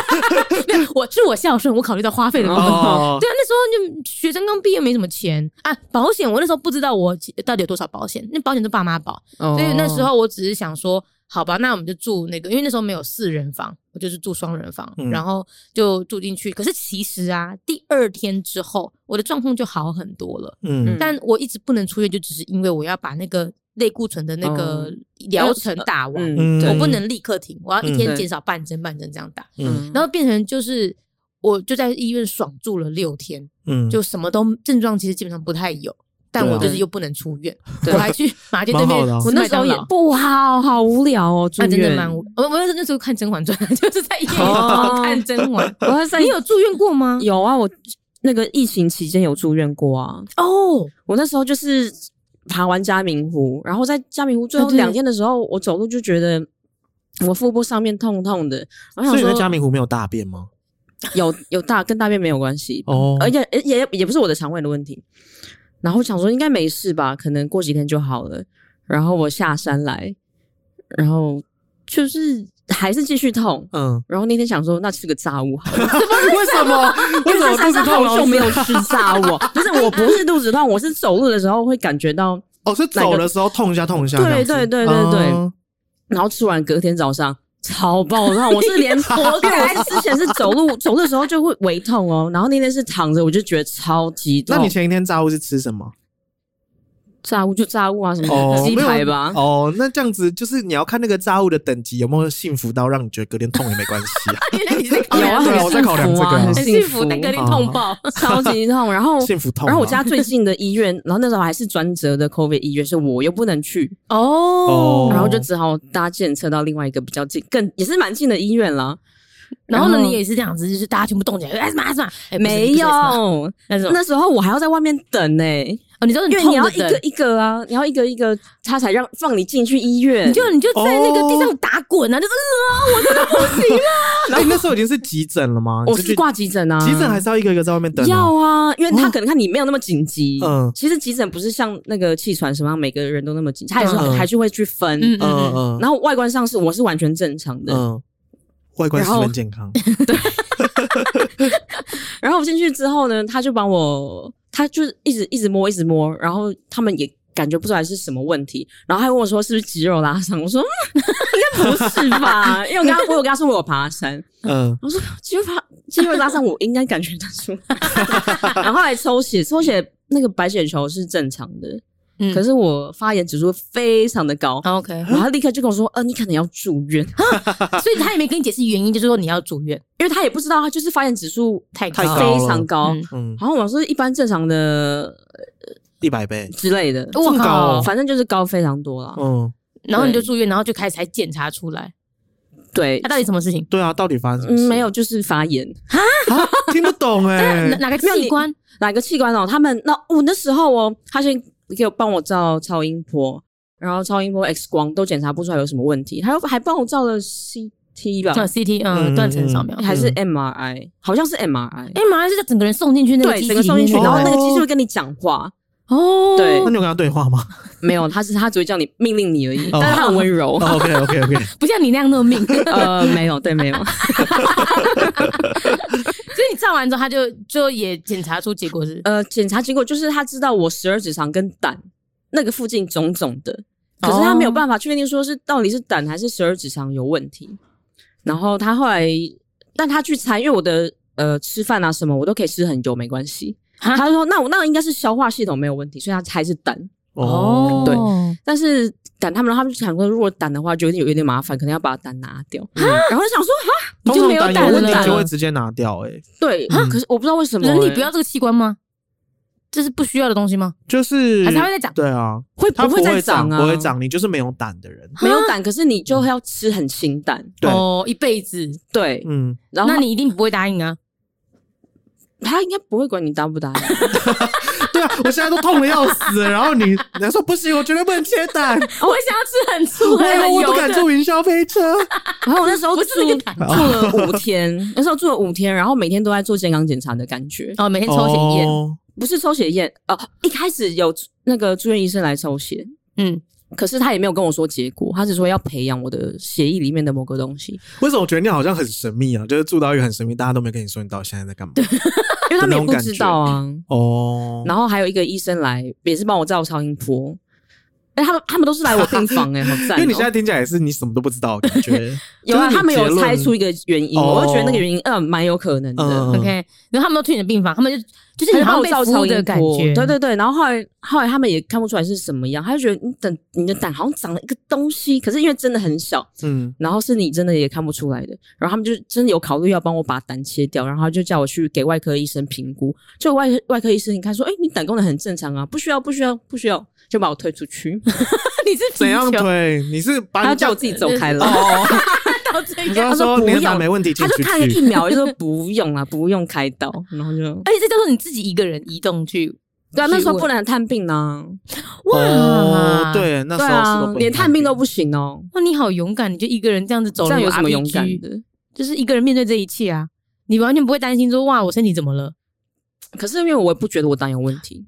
我是我孝順，我考慮到花費的部分。哦、 對啊，那時候就學生剛畢業，沒什麼錢啊。保險，我那時候不知道我到底有多少保險，那保險都爸媽保，所以那時候我只是想說，好吧，那我們就住那個，因為那時候沒有四人房，我就是住雙人房，嗯、然後就住進去。可是其實啊，第二天之後，我的狀況就好很多了。嗯，但我一直不能出院，就只是因為我要把那個。類固醇的那個療程打完，嗯，我不能立刻停，我要一天減少半針半針這樣打，嗯，然後變成就是我就在醫院爽住了六天，嗯，就什麼都症狀其實基本上不太有，嗯，但我就是又不能出院，啊、 我還去麻街對面，我那時候也不好好無聊哦，住院，啊，真的蠻無我我那時候看《甄嬛傳》，就是在醫院，哦、看《甄嬛》，哇塞，你有住院過嗎？有啊，我那個疫情期間有住院過啊，哦，我那時候就是。爬完嘉明湖，然後在嘉明湖最後兩天的時候、哦，我走路就覺得我腹部上面痛痛的。我想說，所以說嘉明湖沒有大便嗎？有有大跟大便沒有關係哦，而、oh. 且也也，也，也不是我的腸胃的問題。然後想說應該沒事吧，可能過幾天就好了。然後我下山來，然後就是。還是繼續痛，嗯，然後那天想說那吃個炸物，好了，好， 為什麼？為什麼我肚子痛我？好久沒有吃炸物，喔，不 是，我不是肚子痛，我是走路的時候會感覺到，哦，是走的時候痛一下，痛一下，對對對對對、對、嗯，然後吃完隔天早上超爆痛，嗯，我是連脖子， 之前是走路 走路的時候就會微痛哦，喔，然後那天是躺着，我就覺得超級痛，那你前一天炸物是吃什麼？炸物就炸物啊，什麼雞、oh, 排吧？哦，oh, 那這樣子就是你要看那個炸物的等級有沒有幸福到讓你覺得隔天痛也沒關係、啊， 因為你是、哦哦、 我有考幸福啊,量這個啊、欸幸福欸，幸福，隔天痛爆、哦，超級痛。然後 幸福痛。然後我家最近的醫院， 然後那時候還是專責的 COVID 醫院，是我,我又不能去哦，oh, 然後就只好搭捷運到另外一個比較近、更也是蠻近的醫院了。然後呢，你也是這樣子，就是大家全部動起來，哎、欸，什麼什麼？沒有，那時候那時候我還要在外面等呢、欸。哦、你知道，因為你要一個一個、啊，你要一個一個啊，你要一個一個，他才讓放你進去醫院。你就你就在那個地上打滾啊，哦、就是、呃、啊，我真的不行了。然、欸、你那時候已經是急診了嗎？我、哦、是掛急診啊，急診還是要一個一個在外面等、啊。要啊，因為他可能看你沒有那麼緊急。嗯、哦，其實急診不是像那個氣喘什麼樣，每個人都那麼緊急，他也是還是會去分。嗯嗯，嗯。然後外觀上是我是完全正常的，嗯，外觀是很健康。 對。 然後我進去之後呢，他就把我。他就是一直一直摸，一直摸，然後他們也感覺不出來是什麼問題，然後還問我說是不是肌肉拉傷，我說，嗯，應該不是吧， 因為我跟他，我有跟他說我有爬山， 嗯，我說肌肉爬肌肉拉傷 我應該感覺得出來，然後來抽血，抽血那個白血球是正常的。嗯、可是我發炎指數非常的高，OK，然後他立刻就跟我說， 呃，你可能要住院，所以他也沒跟你解釋原因，就是說你要住院， 因為他也不知道，他就是發炎指數太高,太高，非常高，嗯，嗯然後我說一般正常的，一百倍之類的，很高、哦、反正就是高非常多了，嗯，然後你就住院，然後就開始檢查出來，對，他到底什麼事情？對啊，到底發生什麼事、嗯？沒有，就是發炎哈聽不懂哎、欸，哪個器官？哪個器官哦、喔？他們那我、喔、那時候哦、喔，他先。你可以幫我照超音波，然後超音波、X 光都檢查不出來有什麼問題，還還幫我照了 CT 吧？照 CT，嗯，斷層掃描還是 MRI？嗯、好像是 MRI。MRI 是整個人送進去那個，對，整個送進去，然後那個機器會跟你講話哦。對，那你有跟他對話嗎？沒有，他是他只會叫你命令你而已，哦、但是他很溫柔、哦。OK OK OK，不像你那樣那麼命。 呃，沒有，對，沒有。 所以你照完之後，他就就也檢查出結果是，是呃，檢查結果就是他知道我十二指腸跟膽那個附近腫腫的，可是他沒有辦法確定說是到底是膽還是十二指腸有問題。然後他後來，但他去猜，因為我的呃吃飯啊什麼我都可以吃很久沒關係，他就說那我那應該是消化系統沒有問題，所以他猜是膽。哦，對，但是膽他們他們就想過如果膽的話就有點有點麻煩，可能要把膽拿掉、嗯嗯，然後想說啊。哈你就沒有膽了，就會直接拿掉哎、欸。對、嗯、可是我不知道為什麼，人體不要這個器官嗎？欸、這是不需要的東西嗎？就是它會再長，對啊，會不會再長，不會長。啊、不會長。你就是沒有膽的人，沒有膽。可是你就要吃很清淡，哦、嗯，oh, 一輩子，對，嗯。然後那你一定不會答應啊。他應該不會管你答不答、啊， 對啊，我現在都痛得要死。然後你，你說不行，我絕對不能切膽， 我想要吃很粗很油的、哎。我都敢坐雲霄飛車。 然後我那時候住住了五天， 那時候住了五天，然後每天都在做健康檢查的感覺，哦，每天抽血驗、哦，不是抽血驗哦，一開始有那個住院醫生來抽血，嗯。可是他也沒有跟我說結果，他只說要培養我的血液裡面的某個東西。為什麼我覺得你好像很神秘啊？就是住到醫院很神秘，大家都沒跟你說你到現在在幹嘛？對， 因為他們也不知道啊。哦。然後還有一個醫生來，也是幫我照超音波。嗯誒、欸、他們他們都是來我病房哎、欸，好讚、喔！ 因為你現在聽起來是你什麼都不知道的感覺。 有啊、就是，他們有猜出一個原因，哦、我就覺得那個原因嗯蠻有可能的、嗯。OK，然後他們都推你的病房，他們就就是很暴躁的感覺。對對對，然後後來後來他們也看不出來是什麼樣，他就覺得你膽你的膽好像長了一個東西，可是因為真的很小，嗯，然後是你真的也看不出來的。然後他們就真的有考慮要幫我把膽切掉，然後就叫我去給外科醫生評估。就外外科醫生一看說，哎、欸，你膽功能很正常啊，不需要不需要不需要。不需要就把我推出去， 你是怎樣推？你是把叫自己走開了？ 到這個、你說，他說不要沒問題，他就看了一秒就說不用了， 不用開刀，然後就而且這叫做你自己一個人移動去， 對啊，那時候不能探病呢、啊，哇、哦，對那時候探、啊、連探病都不行、喔、哦。那你好勇敢，你就一個人這樣子走路，這樣有什麼勇敢的？RPG? 就是一個人面對這一切啊，你完全不會擔心說，哇我身體怎麼了？可是因為我也不覺得我膽有問題。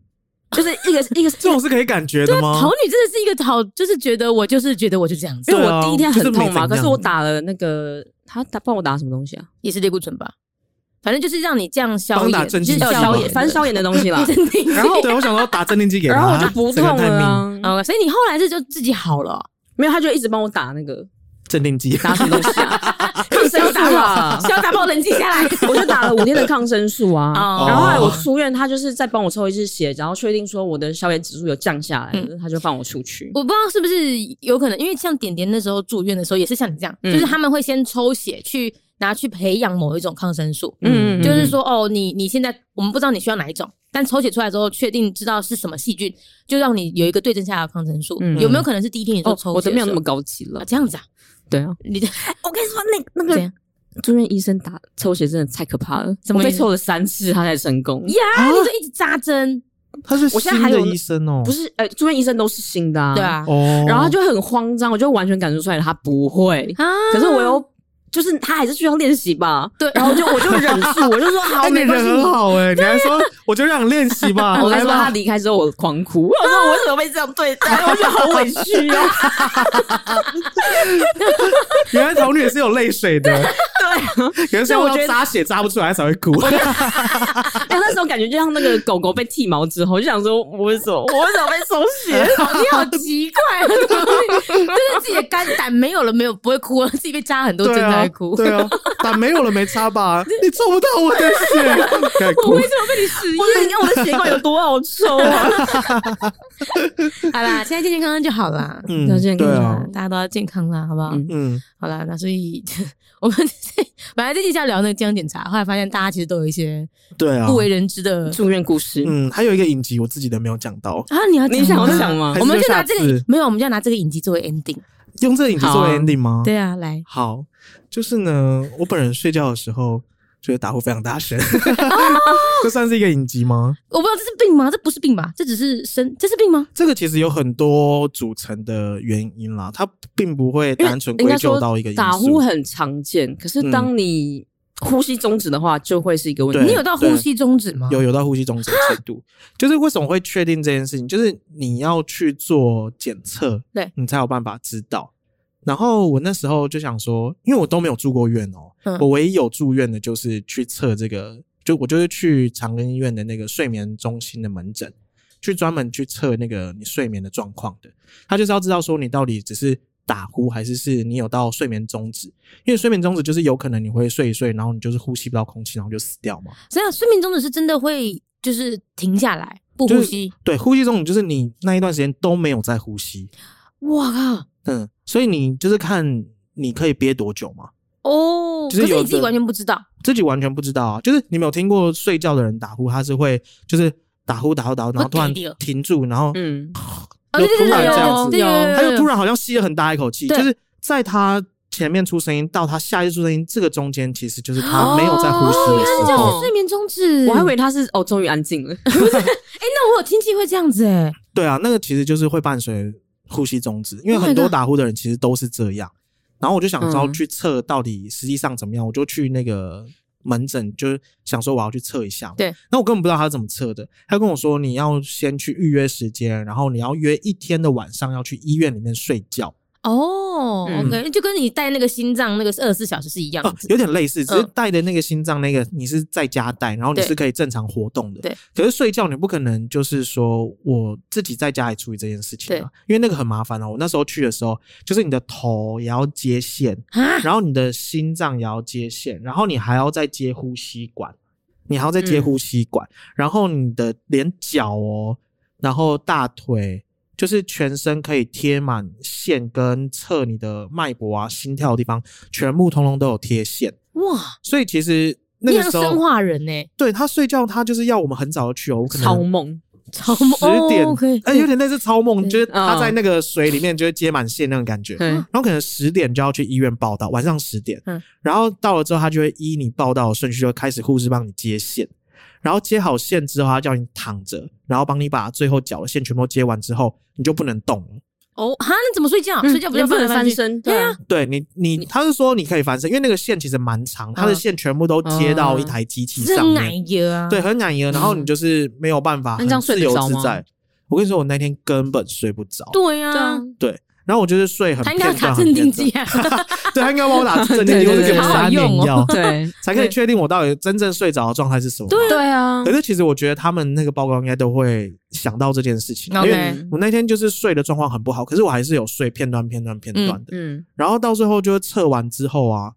就是一個一個這種是可以感覺的嗎？好、啊、女真的是一個好，就是覺得我就是覺得我就這樣子、啊，因為我第一天很痛嘛。就是、可是，我打了那個他，他幫我打什麼東西啊？也是類固醇吧，反正就是讓你這樣消炎、治、就是哦、消炎、反正消炎的東西啦。 然後對我想說打鎮定劑給他， 然後我就不痛了、啊。Okay, 所以你後來是就自己好了、啊，沒有他，就一直幫我打那個。鎮定劑，打就是 抗生素打爆，需要打爆冷靜下來， 我就打了五天的抗生素啊。 然後，後來我出院，他就是再幫我抽一次血，然後確定說我的消炎指數有降下來、嗯，他就放我出去。我不知道是不是有可能，因為像點點那時候住院的時候也是像你這樣，就是他們會先抽血去。拿去培養某一種抗生素，嗯，嗯，嗯嗯、就是說哦，你你現在我們不知道你需要哪一種，但抽血出來之後確定知道是什麼細菌，就讓你有一個對症下的抗生素。嗯嗯，有沒有可能是第一天你說抽血沒有、哦、那麼高級了、啊？這樣子啊？對啊，你我跟你說、那個，那那個怎樣住院醫生打抽血真的太可怕了，怎麼被抽了三次他才成功？呀、yeah, 啊，你就一直扎針。他是新的、哦、我現在還有醫生哦，不是，呃、欸，住院醫生都是新的啊，對啊。哦，然後他就很慌張，我就完全感受出來他不會，啊。可是我又。就是他還是需要練習吧，對，然後就我就忍住，我就說好，你、欸欸、人很好哎、欸，啊、你還說、啊、我就這樣練習吧。我跟他說他離開之後我狂哭，我說我為什麼被這樣對待？ 我覺得好委屈啊。原來醜女也是有淚水的。對，有些、啊啊、我覺得扎血扎不出來才會哭。我、啊、那時候感覺就像那個狗狗被剃毛之後，我就想說我怎麼我怎麼被收拾？啊、你好奇怪、啊，真的自己的肝膽沒有了，沒有，了沒有了不會哭，自己被扎很多針的。哭對，啊對啊，打沒有了沒差吧？ 你抽不到我的血， 我為什麼被你失業？你看我的血管有多好抽啊！ 好啦，現在健健康康就好啦，嗯，對啊跟啦，大家都要健康啦，好不好？嗯，嗯好啦，那所以我們這本來這期是要聊那個健康檢查，後來發現大家其實都有一些對啊不為人知的住院故事。嗯，還有一個影集，我自己都沒有講到啊。你要講、嗯、你想我講嗎？我們就拿這個影沒有，我們就要拿這個影集作為 ending。用這個隱疾作為 ending 嗎？對啊，來。好，就是呢，我本人睡覺的時候覺得打呼非常大聲，這 算是一個隱疾嗎？我不知道這是病嗎？這不是病吧？這只是生。這是病嗎？這個其實有很多組成的原因啦，它並不會單純歸咎到一個隱疾。打呼很常見，可是當你、嗯。呼吸中止的話就會是一個問題，你有到呼吸中止嗎？有，有到呼吸中止的程度。就是為什麼會確定這件事情，就是你要去做檢測，對你才有辦法知道。然後我那時候就想說，因為我都沒有住過院哦、喔嗯，我唯一有住院的就是去測這個，就我就是去長庚醫院的那個睡眠中心的門診，去專門去測那個你睡眠的狀況的，他就是要知道說你到底只是打呼還是是你有到睡眠中止？因為睡眠中止就是有可能你會睡一睡，然後你就是呼吸不到空氣，然後就死掉嘛。所以、啊，睡眠中止是真的會就是停下來不呼吸，就是。對，呼吸中止就是你那一段時間都沒有在呼吸。哇靠！嗯，所以你就是看你可以憋多久嘛？哦、就是，可是你自己完全不知道，自己完全不知道啊！就是你沒有聽過睡覺的人打呼，他是會就是打呼打呼打呼，然後突然停住，停然後嗯。有突然這樣子，對對對對對，有有有有。他又突然好像吸了很大一口氣，就是在他前面出聲音到他下一次出聲音，這個中間其實就是他沒有在呼吸的時候、oh, 哦，的叫睡眠中止。哦、我還以為他是哦，終於安靜了。 哎，那我有親戚會這樣子哎、欸。對啊，那個其實就是會伴隨呼吸中止，因為很多打呼的人其實都是這樣。然後我就想說去測到底實際上怎麼樣，我就去那個。門診就是想說我要去測一下，對，那我根本不知道他怎麼測的。他跟我說，你要先去預約時間，然後你要約一天的晚上要去醫院裡面睡覺。哦、oh, o、okay, 嗯、就跟你戴那個心臟那個二十四小時是一樣，的、呃。有點類似。只是戴的那個心臟那個，你是在家戴、呃，然後你是可以正常活動的。對，可是睡覺你不可能就是說我自己在家裡處理這件事情啊，對，因為那個很麻煩哦、啊。我那時候去的時候，就是你的頭也要接線，啊、然後你的心臟也要接線，然後你還要再接呼吸管，你還要再接呼吸管，嗯、然後你的連腳哦，然後大腿。就是全身可以貼滿線，跟測你的脈搏啊、心跳的地方，全部通通都有貼線。哇！所以其實那個時候你生化人呢、欸，對，他睡覺，他就是要我們很早去哦，超夢，超夢十點，哎，有點類似超夢，就是他在那個水裡面就會接滿線那種感覺，uh, 然後可能十點就要去醫院報到， 晚上十點、嗯，然後到了之後，他就會依你報到的順序就開始護士幫你接線。然後接好線之後，他叫你躺着，然後幫你把最後腳的線全部接完之後，你就不能動哦，哈，你怎麼睡覺？嗯、睡覺不，就不，能、嗯、不能翻身？對啊，對你，你，你他是說你可以翻身，因為那個線其實蠻長、啊，它的線全部都接到一台機器上，啊嗯、很難移啊，對，很難移，然後你就是沒有辦法，嗯很自由自嗯、那你這樣睡不着在。我跟你說，我那天根本睡不着。對呀、啊，對。然後我就是睡很片段，他應該打鎮定劑啊， 對，他應該幫我打鎮定劑，或者給我藥對，對，對 好用哦、 對笑才可以確定我到底真正睡着的狀態是什麼。對對啊，可是其實我覺得他們那個報告應該都會想到這件事情，因為我那天就是睡的狀況很不好，可是我還是有睡片段片段片段的，嗯，然後到最後就是測完之後啊。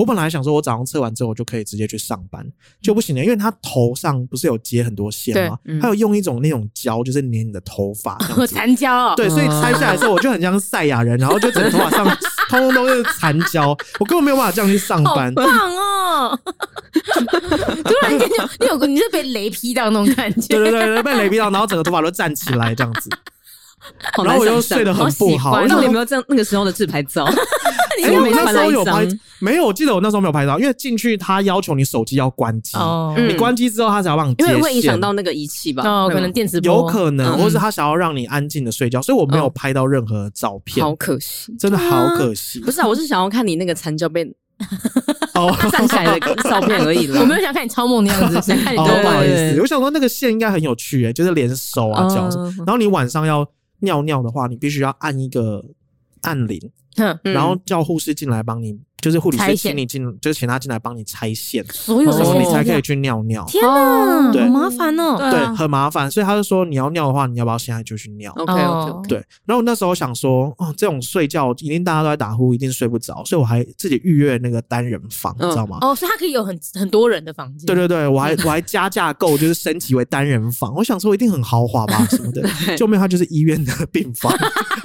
我本來想說，我早上測完之後我就可以直接去上班，就不行了，因為他頭上不是有接很多線嗎？對嗯、他有用一種那種膠，就是粘你的頭髮，殘 膠、哦。對，所以拆下來的時候，我就很像賽亞人、哦，然後就整個頭髮上 通通都就是殘膠，我根本沒有辦法這樣去上班。棒哦！ 突然間就你有你是被雷劈到那種感覺？ 對對對，被雷劈到，然後整個頭髮都站起來這樣子。然後我就睡得很不好。那你有沒有這樣那個時候的自拍照？ 哎，欸、我那時候有拍，沒有。我記得我那時候沒有拍照，因為進去他要求你手機要關機。哦，你關機之後，他才要幫你，因為會影響到那個儀器吧？哦，可能電磁波，有可能，或者他想要讓你安靜的睡覺，所以我沒有拍到任何照片。好可惜，真的好可惜、哦。不是、啊，我是想要看你那個殘膠被哦，站起來的照片而已、哦、我沒有想看你超夢的樣子，看你不好意思。我想說那個線應該很有趣哎、欸，就是連手啊腳，然後你晚上要尿尿的話，你必須要按一個按鈴。 然後叫護士進來幫你。就是護理師請你進，就是請他進來幫你拆線，所有的時候你才可以去尿尿。哦、天哪，好麻煩哦、喔啊。對，很麻煩，所以他就說你要尿的話，你要不要現在就去尿 okay, okay？OK，對。然後那時候我想說，哦，這種睡覺一定大家都在打呼，一定睡不着，所以我還自己預約了那個單人房、呃，你知道嗎？哦，所以它可以有很很多人的房間。對對對，我還我還加價購，就是升級為單人房。 我想說一定很豪華吧 什麼的，救命它就是醫院的病房。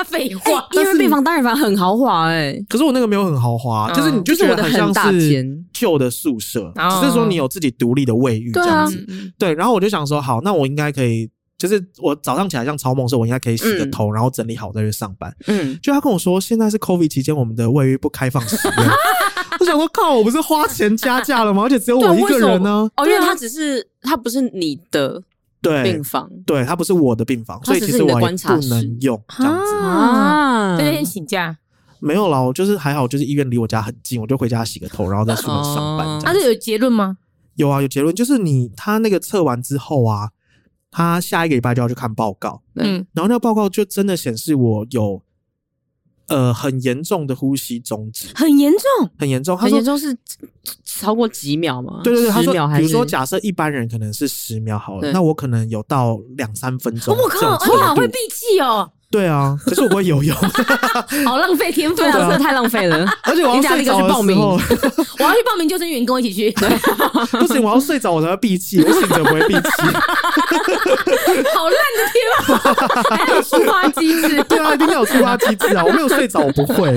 廢 話、欸，醫院病房單人房很豪華哎、欸。可是我那個沒有很豪華、嗯，就是。就是，你就是我很像是舊的宿舍，oh. 只是說你有自己獨立的衛浴這樣子。對、啊。對，然後我就想說，好，那我應該可以，就是我早上起來像超夢時候，我應該可以洗個頭、嗯，然後整理好再去上班。嗯，就他跟我說，現在是 COVID 期間，我們的衛浴不開放使用。 我想說，靠，我不是花錢加價了嗎？ 而且只有我一個人呢？哦，因為他只是他不是你的病房，對他不是我的病房，所以其實我不能用這樣子。啊，這、啊、邊請假。沒有啦，我就是還好，就是醫院離我家很近，我就回家洗個頭，然後再出門上班。他、啊、這、啊、有結論嗎？有啊，有結論，就是你他那個測完之後啊，他下一個禮拜就要去看報告。嗯，然後那個報告就真的顯示我有呃很嚴重的呼吸中止，很嚴重，很嚴重，他說很嚴重是超過幾秒嗎？對對對，他說，比如說假設一般人可能是十秒好了，那我可能有到兩三分鐘、哦。我靠，哦、我好會閉氣哦。對啊，可是我不會游泳， 好浪費天賦啊！這太浪費了。而且我要去報名， 我要去報名救生員，跟我一起去。 不行，我要睡着我才能閉氣， 我醒着不會閉氣。 好爛的天賦啊，還有觸發機制。 對啊，一定要有觸發機制啊！我沒有睡着，我不會。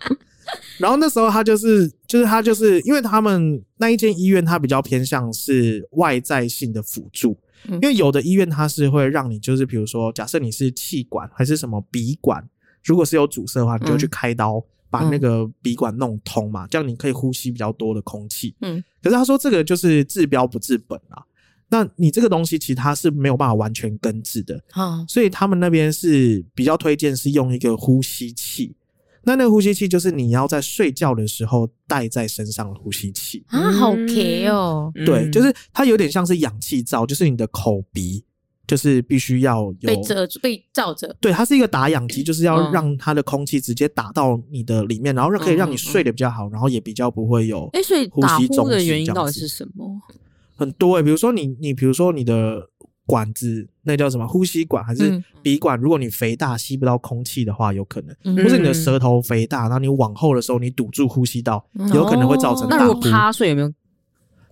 然後那時候他就是，就是他就是，因為他們那一間醫院，他比較偏向是外在性的輔助。因為有的醫院他是會讓你，就是比如說，假設你是氣管還是什麼鼻管，如果是有阻塞的話，你就去開刀把那個鼻管弄通嘛，嗯，這樣你可以呼吸比較多的空氣。嗯，可是他說這個就是治標不治本啊，那你這個東西其實它是沒有辦法完全根治的啊，嗯，所以他們那邊是比較推薦是用一個呼吸器。那那個呼吸器就是你要在睡覺的時候戴在身上呼吸器、嗯、啊，好 k 哦、喔。對、嗯，就是它有點像是氧氣罩，就是你的口鼻就是必須要有被遮被罩着。對，它是一個打氧機，就是要讓它的空氣直接打到你的裡面，嗯、然後讓可以讓你睡得比較好，嗯、然後也比較不會有誒、欸，所以打呼的原因到底是什麼？很多誒、欸，比如說你你比如說你的。管子那叫什麼？呼吸管還是鼻管？如果你肥大吸不到空氣的話，有可能；或、嗯、是你的舌頭肥大，然後你往後的時候你堵住呼吸道，有可能會造成打呼、嗯哦。那如果趴睡有沒有？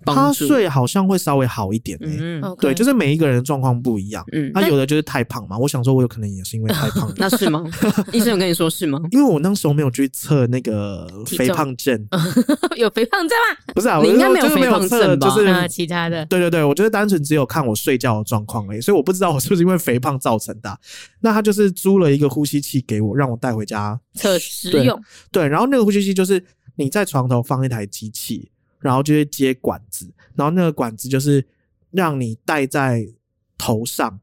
趴睡好像會稍微好一點誒、欸，嗯，嗯、對、okay，就是每一個人的狀況不一樣，嗯，啊，有的就是太胖嘛、欸。我想說，我有可能也是因為太胖， 那是嗎？醫 生有跟你說是嗎？因為我那時候沒有去測那個肥胖症， 有肥胖症嗎？不是啊，我應該沒有肥胖症就就是、啊、其他的，對對對，我覺得單純只有看我睡覺的狀況而已。所以我不知道我是不是因為肥胖造成的、啊。那他就是租了一個呼吸器給我，讓我帶回家測試用。對，對，然後那個呼吸器就是你在床頭放一台機器，然後就會接管子，然後那個管子就是讓你戴在頭上，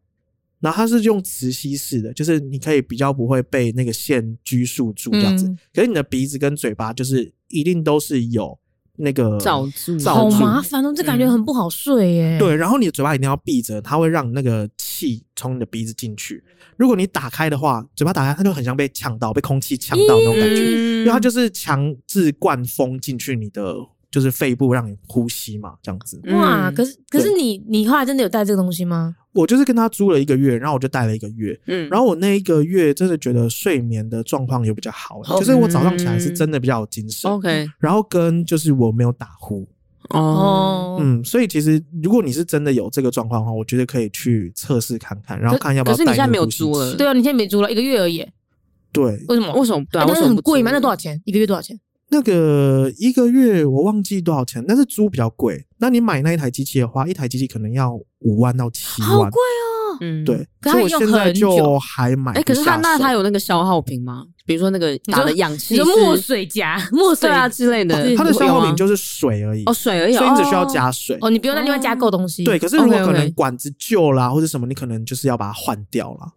然後它是用磁吸式的，就是你可以比較不會被那個線拘束住這樣子。嗯、可是你的鼻子跟嘴巴就是一定都是有那個罩住，好麻煩哦、嗯，這感覺很不好睡耶。對，然後你的嘴巴一定要閉着，它會讓那個氣從你的鼻子進去。如果你打開的話，嘴巴打開，它就很像被嗆到，被空氣嗆到那種感覺、嗯，因為它就是強制灌風進去你的。就是肺部，讓你呼吸嘛，這樣子、嗯。哇、啊！可是可是你你後來真的有帶這個東西嗎？我就是跟他租了一個月，然後我就帶了一個月。嗯，然後我那一個月真的覺得睡眠的狀況也比較好、嗯，就是我早上起來是真的比較有精神。OK、嗯。然後跟就是我沒有打呼。哦。嗯，所以其實如果你是真的有這個狀況的話，我覺得可以去測試看看，然後看一下。可是你現在沒有租了。對啊，你現在沒租了一個月而已。對。為什麼？為什麼？對、啊啊。但是很貴嘛，那多少錢？一個月多少錢？那個一個月我忘記多少錢，但是租比較貴。那你買那一台機器的話，一台機器可能要五萬到七萬，好貴哦、喔。嗯，對。可是我現在就還買。哎、欸，可是它那它有那個消耗品嗎？比如說那個打的氧氣、墨水匣、墨水啊之類的。哦、它的消耗品就是水而已水。哦，水而已，所以你只需要加水。哦，你不用那另外加購東西。對，可是如果可能管子舊啦、啊、或者什麼，你可能就是要把它換掉了。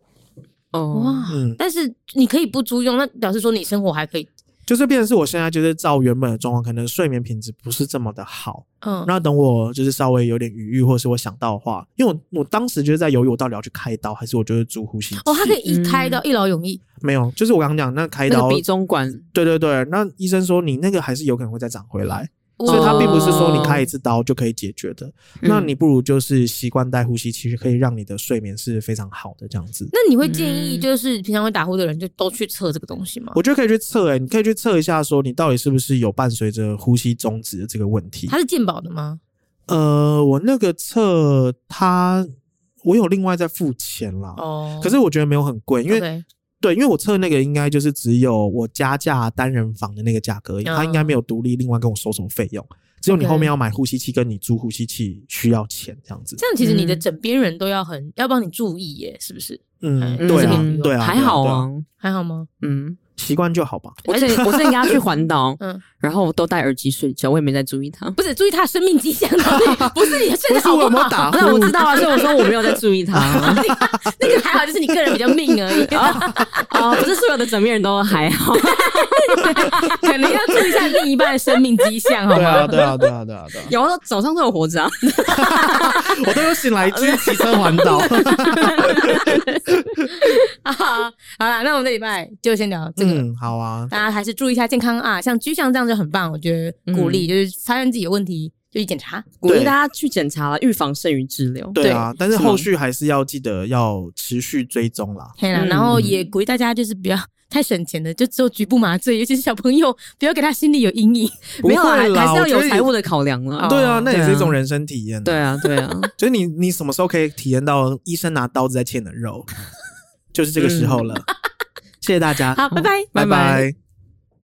哦哇、嗯，但是你可以不租用，那表示說你生活還可以。就是變成是我現在就是照原本的狀況，可能睡眠品質不是這麼的好，嗯，那等我就是稍微有點餘裕，或是我想到的話，因為我我當時就是在猶豫，我到底要去開刀還是我就是做呼吸器哦，他可以，以開一開刀一勞永逸。嗯嗯，沒有，就是我剛剛講那開刀鼻，那個、中管，對對對，那醫生說你那個還是有可能會再長回來。嗯所以它並不是說你開一次刀就可以解決的，oh, 那你不如就是習慣帶呼吸，其實可以讓你的睡眠是非常好的這樣子。那你會建議就是平常會打呼的人就都去測這個東西嗎？我覺得可以去測，誒，你可以去測一下，說你到底是不是有伴隨着呼吸中止的這個問題。它是健保的嗎？呃，我那個測它，我有另外在付錢啦。哦、oh.，可是我覺得沒有很貴，因為。Okay. 對，因為我測那個應該就是只有我加價單人房的那個價格而已，啊，他應該沒有獨立另外跟我收什麼費用，只有你後面要買呼吸器跟你租呼吸器需要錢這樣子。Okay, 這樣其實你的枕邊人都要很，嗯，要幫你注意耶，是不是？嗯，對啊，對啊，還好啊，還好嗎？嗯。習慣就好吧。而且我最近跟他去環島、 嗯，然後都戴耳機睡覺，我也沒在注意他。不是注意他的生命跡象，不是你睡得好，好 是我打，那我知道啊，所以我說我沒有在注意他。 啊、那個還好，就是你個人比較命而已。啊 、哦 哦，不是所有的枕邊人都還好。可 能 要注意一下另一半的生命跡象哦。 對啊，對啊，對啊，對啊，對啊。 有時候早上都有活着、啊， 我都有醒來去騎車環島。好好了，那我們這禮拜就先聊這個。嗯，好啊，大家還是注意一下健康啊。像居相這樣就很棒，我覺得鼓勵、嗯、就是發現自己有問題就去檢查，鼓勵大家去檢查，預防勝於治療。對啊，但是後續還是要記得要持續追蹤啦、啊嗯。對啊，然後也鼓勵大家就是不要太省錢的，就只有局部麻醉，尤其是小朋友，不要給他心裡有陰影。沒有啊，還是要有財務的考量了、哦。對啊，那也是一種人生體驗、啊。對啊，對啊，所以、啊、你你什麼時候可以體驗到醫生拿刀子在切你的肉， 就是這個時候了。 嗯謝謝大家，好，拜拜，拜拜，拜拜。